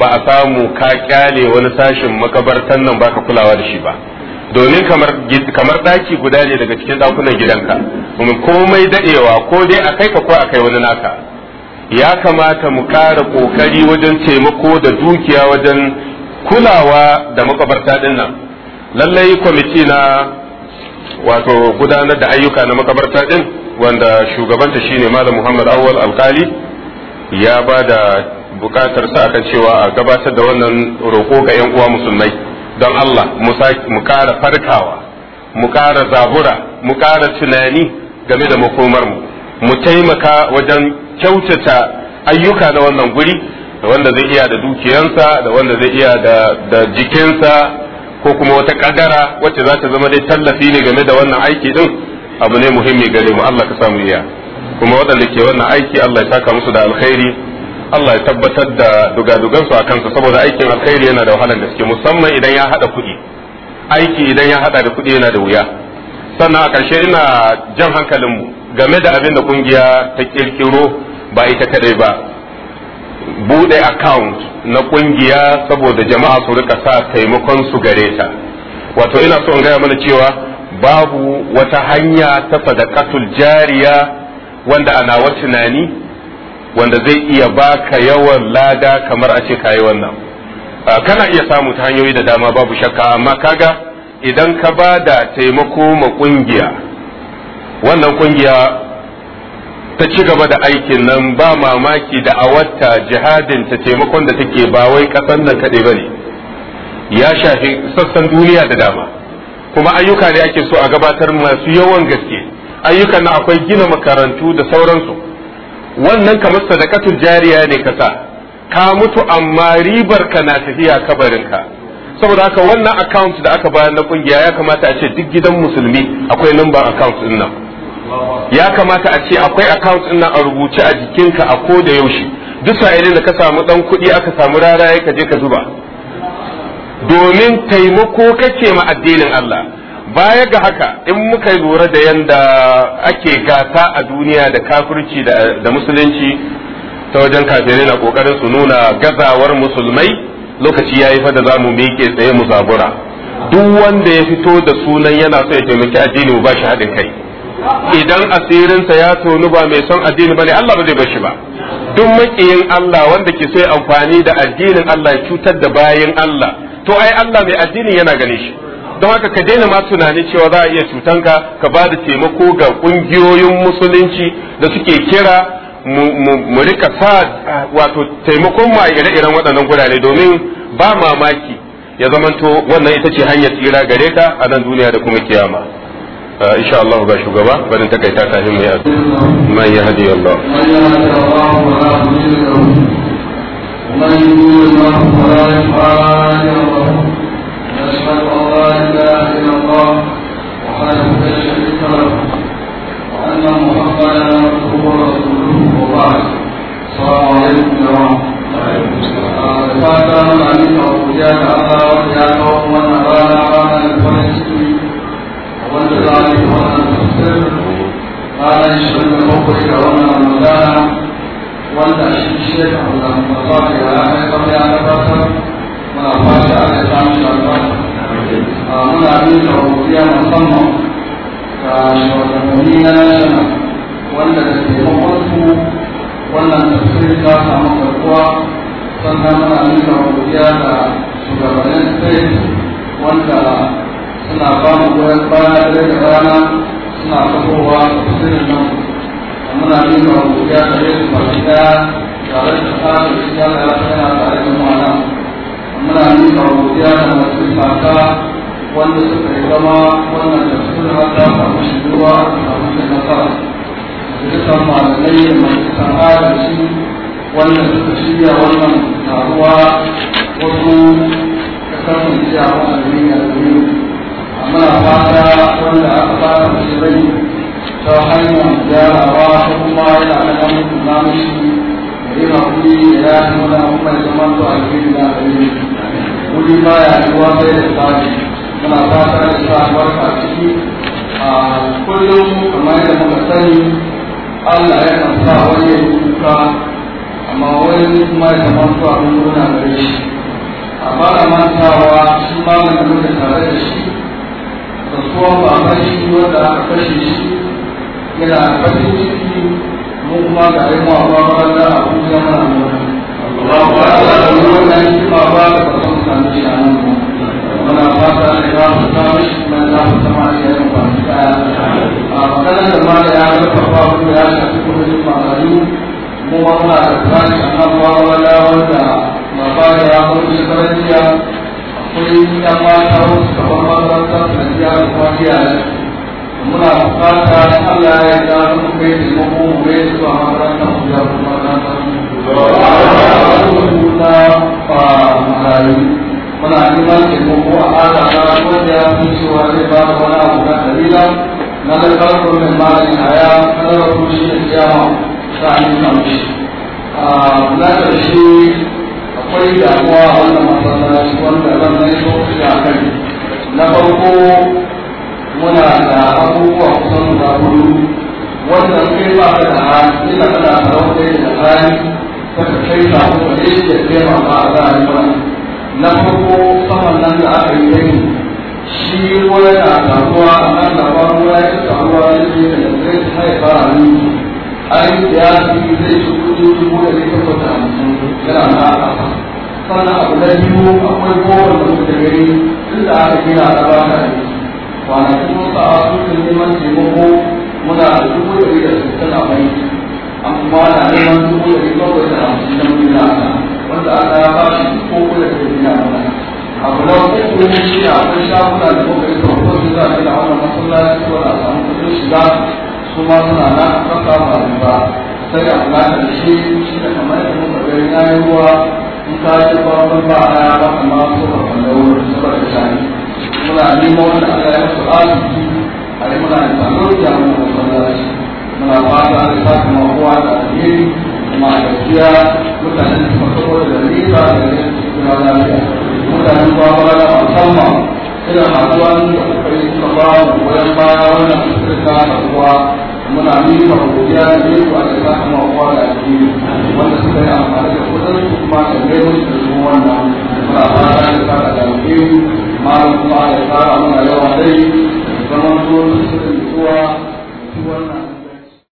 ba a samu ka kyale wani sashin makabartan nan ba ka kulawa da shi ba domin kamar ɗaki guda ne daga cikin ɗakunan gidanka domin komai daɗewa ko dai akai ka ko akai wani naka ya kamata mu kara ƙoƙari wajen taimako da dukiya wajen kulawa da makabarta din nan lallai kwamiti na wato gudanar da ayyuka na makabarta ɗin wanda shugabanta shine malam muhammad awwal alkali ya ba da bukatar sa akan cewa a gabatar da wannan roƙo ga 'yan uwa musulmai don allah mu ƙara farkawa mu ƙara zabura mu ƙara tunani game da makomarmu mu taimaka wajen kyautata ayyuka na wannan guri da wanda zai iya da dukiyansa da wanda zai iya da jikinsa ko kuma wata kadara wacce za ta zama dai tallafi ne game da wannan aiki din abu ne muhimmi gare mu Allah ka samu iya kuma waɗanda ke wannan aiki Allah ya saka musu da alkhairi Allah ya tabbatar da dugadugansu a kansa saboda aikin alkhairi yana da wahalar gaske musamman idan ya haɗa kuɗi aiki idan ya haɗa da kuɗi yana da wuya sannan a ƙarshe ina jan hankalinmu game da abin da kungiya ta kirkiro ba ita kadai ba bude account na kungiya saboda jama'a su rika sa taimakon su gare ta wato ina so in gaya mana cewa babu wata hanya ta sadaqatul jariya wanda ana wa tunani wanda zai iya baka yawan lada kamar a ce kayi wannan kana iya samu ta hanyoyi da dama babu shakka amma kaga idan ka ba da taimako ma kungiya wannan kungiya ta ci gaba da aikin nan ba mamaki da a wata jihadin ta taimakon da take ba wai kasan nan kaɗai ba ne ya shafi sassan duniya da dama kuma ayyuka ne ake so a gabatar masu yawan gaske ayyukan na akwai gina makarantu da sauransu wannan kamar sadakatun jariya ne kasa ka mutu amma ribar ka na tafiya ka saboda haka wannan account da aka bayar na kungiya ya kamata a ce duk gidan musulmi akwai number account din nan ya kamata a ce akwai account ɗin nan a rubuce a jikinka a ko da yaushe duk sa'ilin da ka samu dan kuɗi aka samu rara ya ka je ka zuba domin taimako kake ma addinin Allah baya ga haka in muka lura da yanda ake gasa a duniya da kafirci da musulunci ta wajen kafirai na kokarin su nuna gazawar musulmai lokaci yayi fa da zamu miƙe tsaye mu zabura duk wanda ya fito da sunan yana so ya taimaki addini ba shi haɗin kai idan asirinsa ya tonu ba mai son addini bane Allah ba zai bar shi ba duk makiyin Allah wanda ke so amfani da addinin Allah cutar da bayan Allah to ai Allah mai addini yana gane shi don haka ka daina ma tunani cewa za a iya cutanka ka ba da taimako ga kungiyoyin musulunci da suke kira mu rika sa wato taimakon ma ire-iren waɗannan gurare domin ba mamaki ya zamanto wannan ita ce hanyar tsira gare ka a nan duniya da kuma kiyama. insha Allah ga shugaba barin takaita kafin mu yi man ya hadi Allah ومن يقول الله فلا يفعل الله نشهد ان لا اله الا الله وحده لا شريك له وان محمدا عبده ورسوله السلام عليكم ورحمه الله وبركاته. فاتنا أن وبياك على وجهك ومن ابانا قال يشهد بفضلك ومن ya وانت اشهد شيئا اللهم صل على قبل ان تبصر ba على الاسلام muna yin tawakkiya musamman ga shugabanni na national wanda da taimakon su wannan tafsir ta samu karbuwa sannan muna yin tawakkiya da shugabannin state wanda suna ba mu goyon baya da rana suna a mutumin nan a muna nuna godiya gare su baki daya tare da kasa da ita da ta yana tare da mu nan muna nuna godiya ga masu mata wanda suka yi zama wannan da su da ta samu shigowa a samu da nasara dukkan malamai da masu sana'a da shi wanda suka shirya wannan taruwa wasu kasance a wannan yanayi kudi ba ya ruwa bai da tsari muna fata da sa barka ciki a kullum kamar yadda muka sani Allah ya kan sa wani ya kuka amma wani kuma ya kamar su a nuna gare shi a fara mantawa shi ma mai nuna tare da shi da tsohon baban shi wanda aka kashe shi yana farin ciki ko kuma ga ma a kuma mana mu ba ba a nan muna da ya mu ta mishi a muna fata Allah ya ga mun kai taimako mu bai su a makaranta mu da kuma na na fa yi muna neman taimako a ala na wanda ya fi cewa zai ba da wani abu na dalila na da farko mai malin haya na da farko shi ne kiyama sa'ani na mushi na ƙarshe akwai damuwa a wannan masallaci wanda zan yi so a kai na farko muna da abubuwa kusan guda hudu wannan kai ba ka da hali ina kana sarauta da hali ta kai ta kuma ne da tema ma a za a yi mana na farko saman nan da aka yi yanki shi wani na samuwa a nan da ba ruwa ya samuwa ya ce da zai haifa a nan ai ya fi zai shi kudu dubu da ta tabbata a mutum yana na a kafa sannan abu na biyu akwai kowane mutum da gari tun da aka gina a ba ta yi kwanaki mun sa suke neman taimako muna da dubu da da su tana mai an kuma na neman dubu da ɗari bakwai da hamsin na muna wanda aka ya ba shi ko kula da duniya muna abu na uku shi a akwai shaguna da muka yi kan wasu za a da wannan masallaci ko da samu kudin shiga su ma suna na kasa ba riba sai a kula da shi shi da kamar yadda muka gani na yi ruwa in ka ce ba ba a ya ba amma so ka kwallo wurin saboda shani muna neman wanda Allah ya su arziki a yi muna tsanon da mu masallaci muna fata da sa kuma kowa da alheri kuma gaskiya mutanen da masu kowa da nisa da ne suna lafiya mutanen ba ba da musamman ina haɗuwan da kuka yi suka ba mu goyon baya wannan afirka da kuwa muna nuna godiya da ne ku a da sa kuma kowa da alheri wanda suka yi amfani da kudin malam kuma ya fara mana yawan dai zaman to su su wannan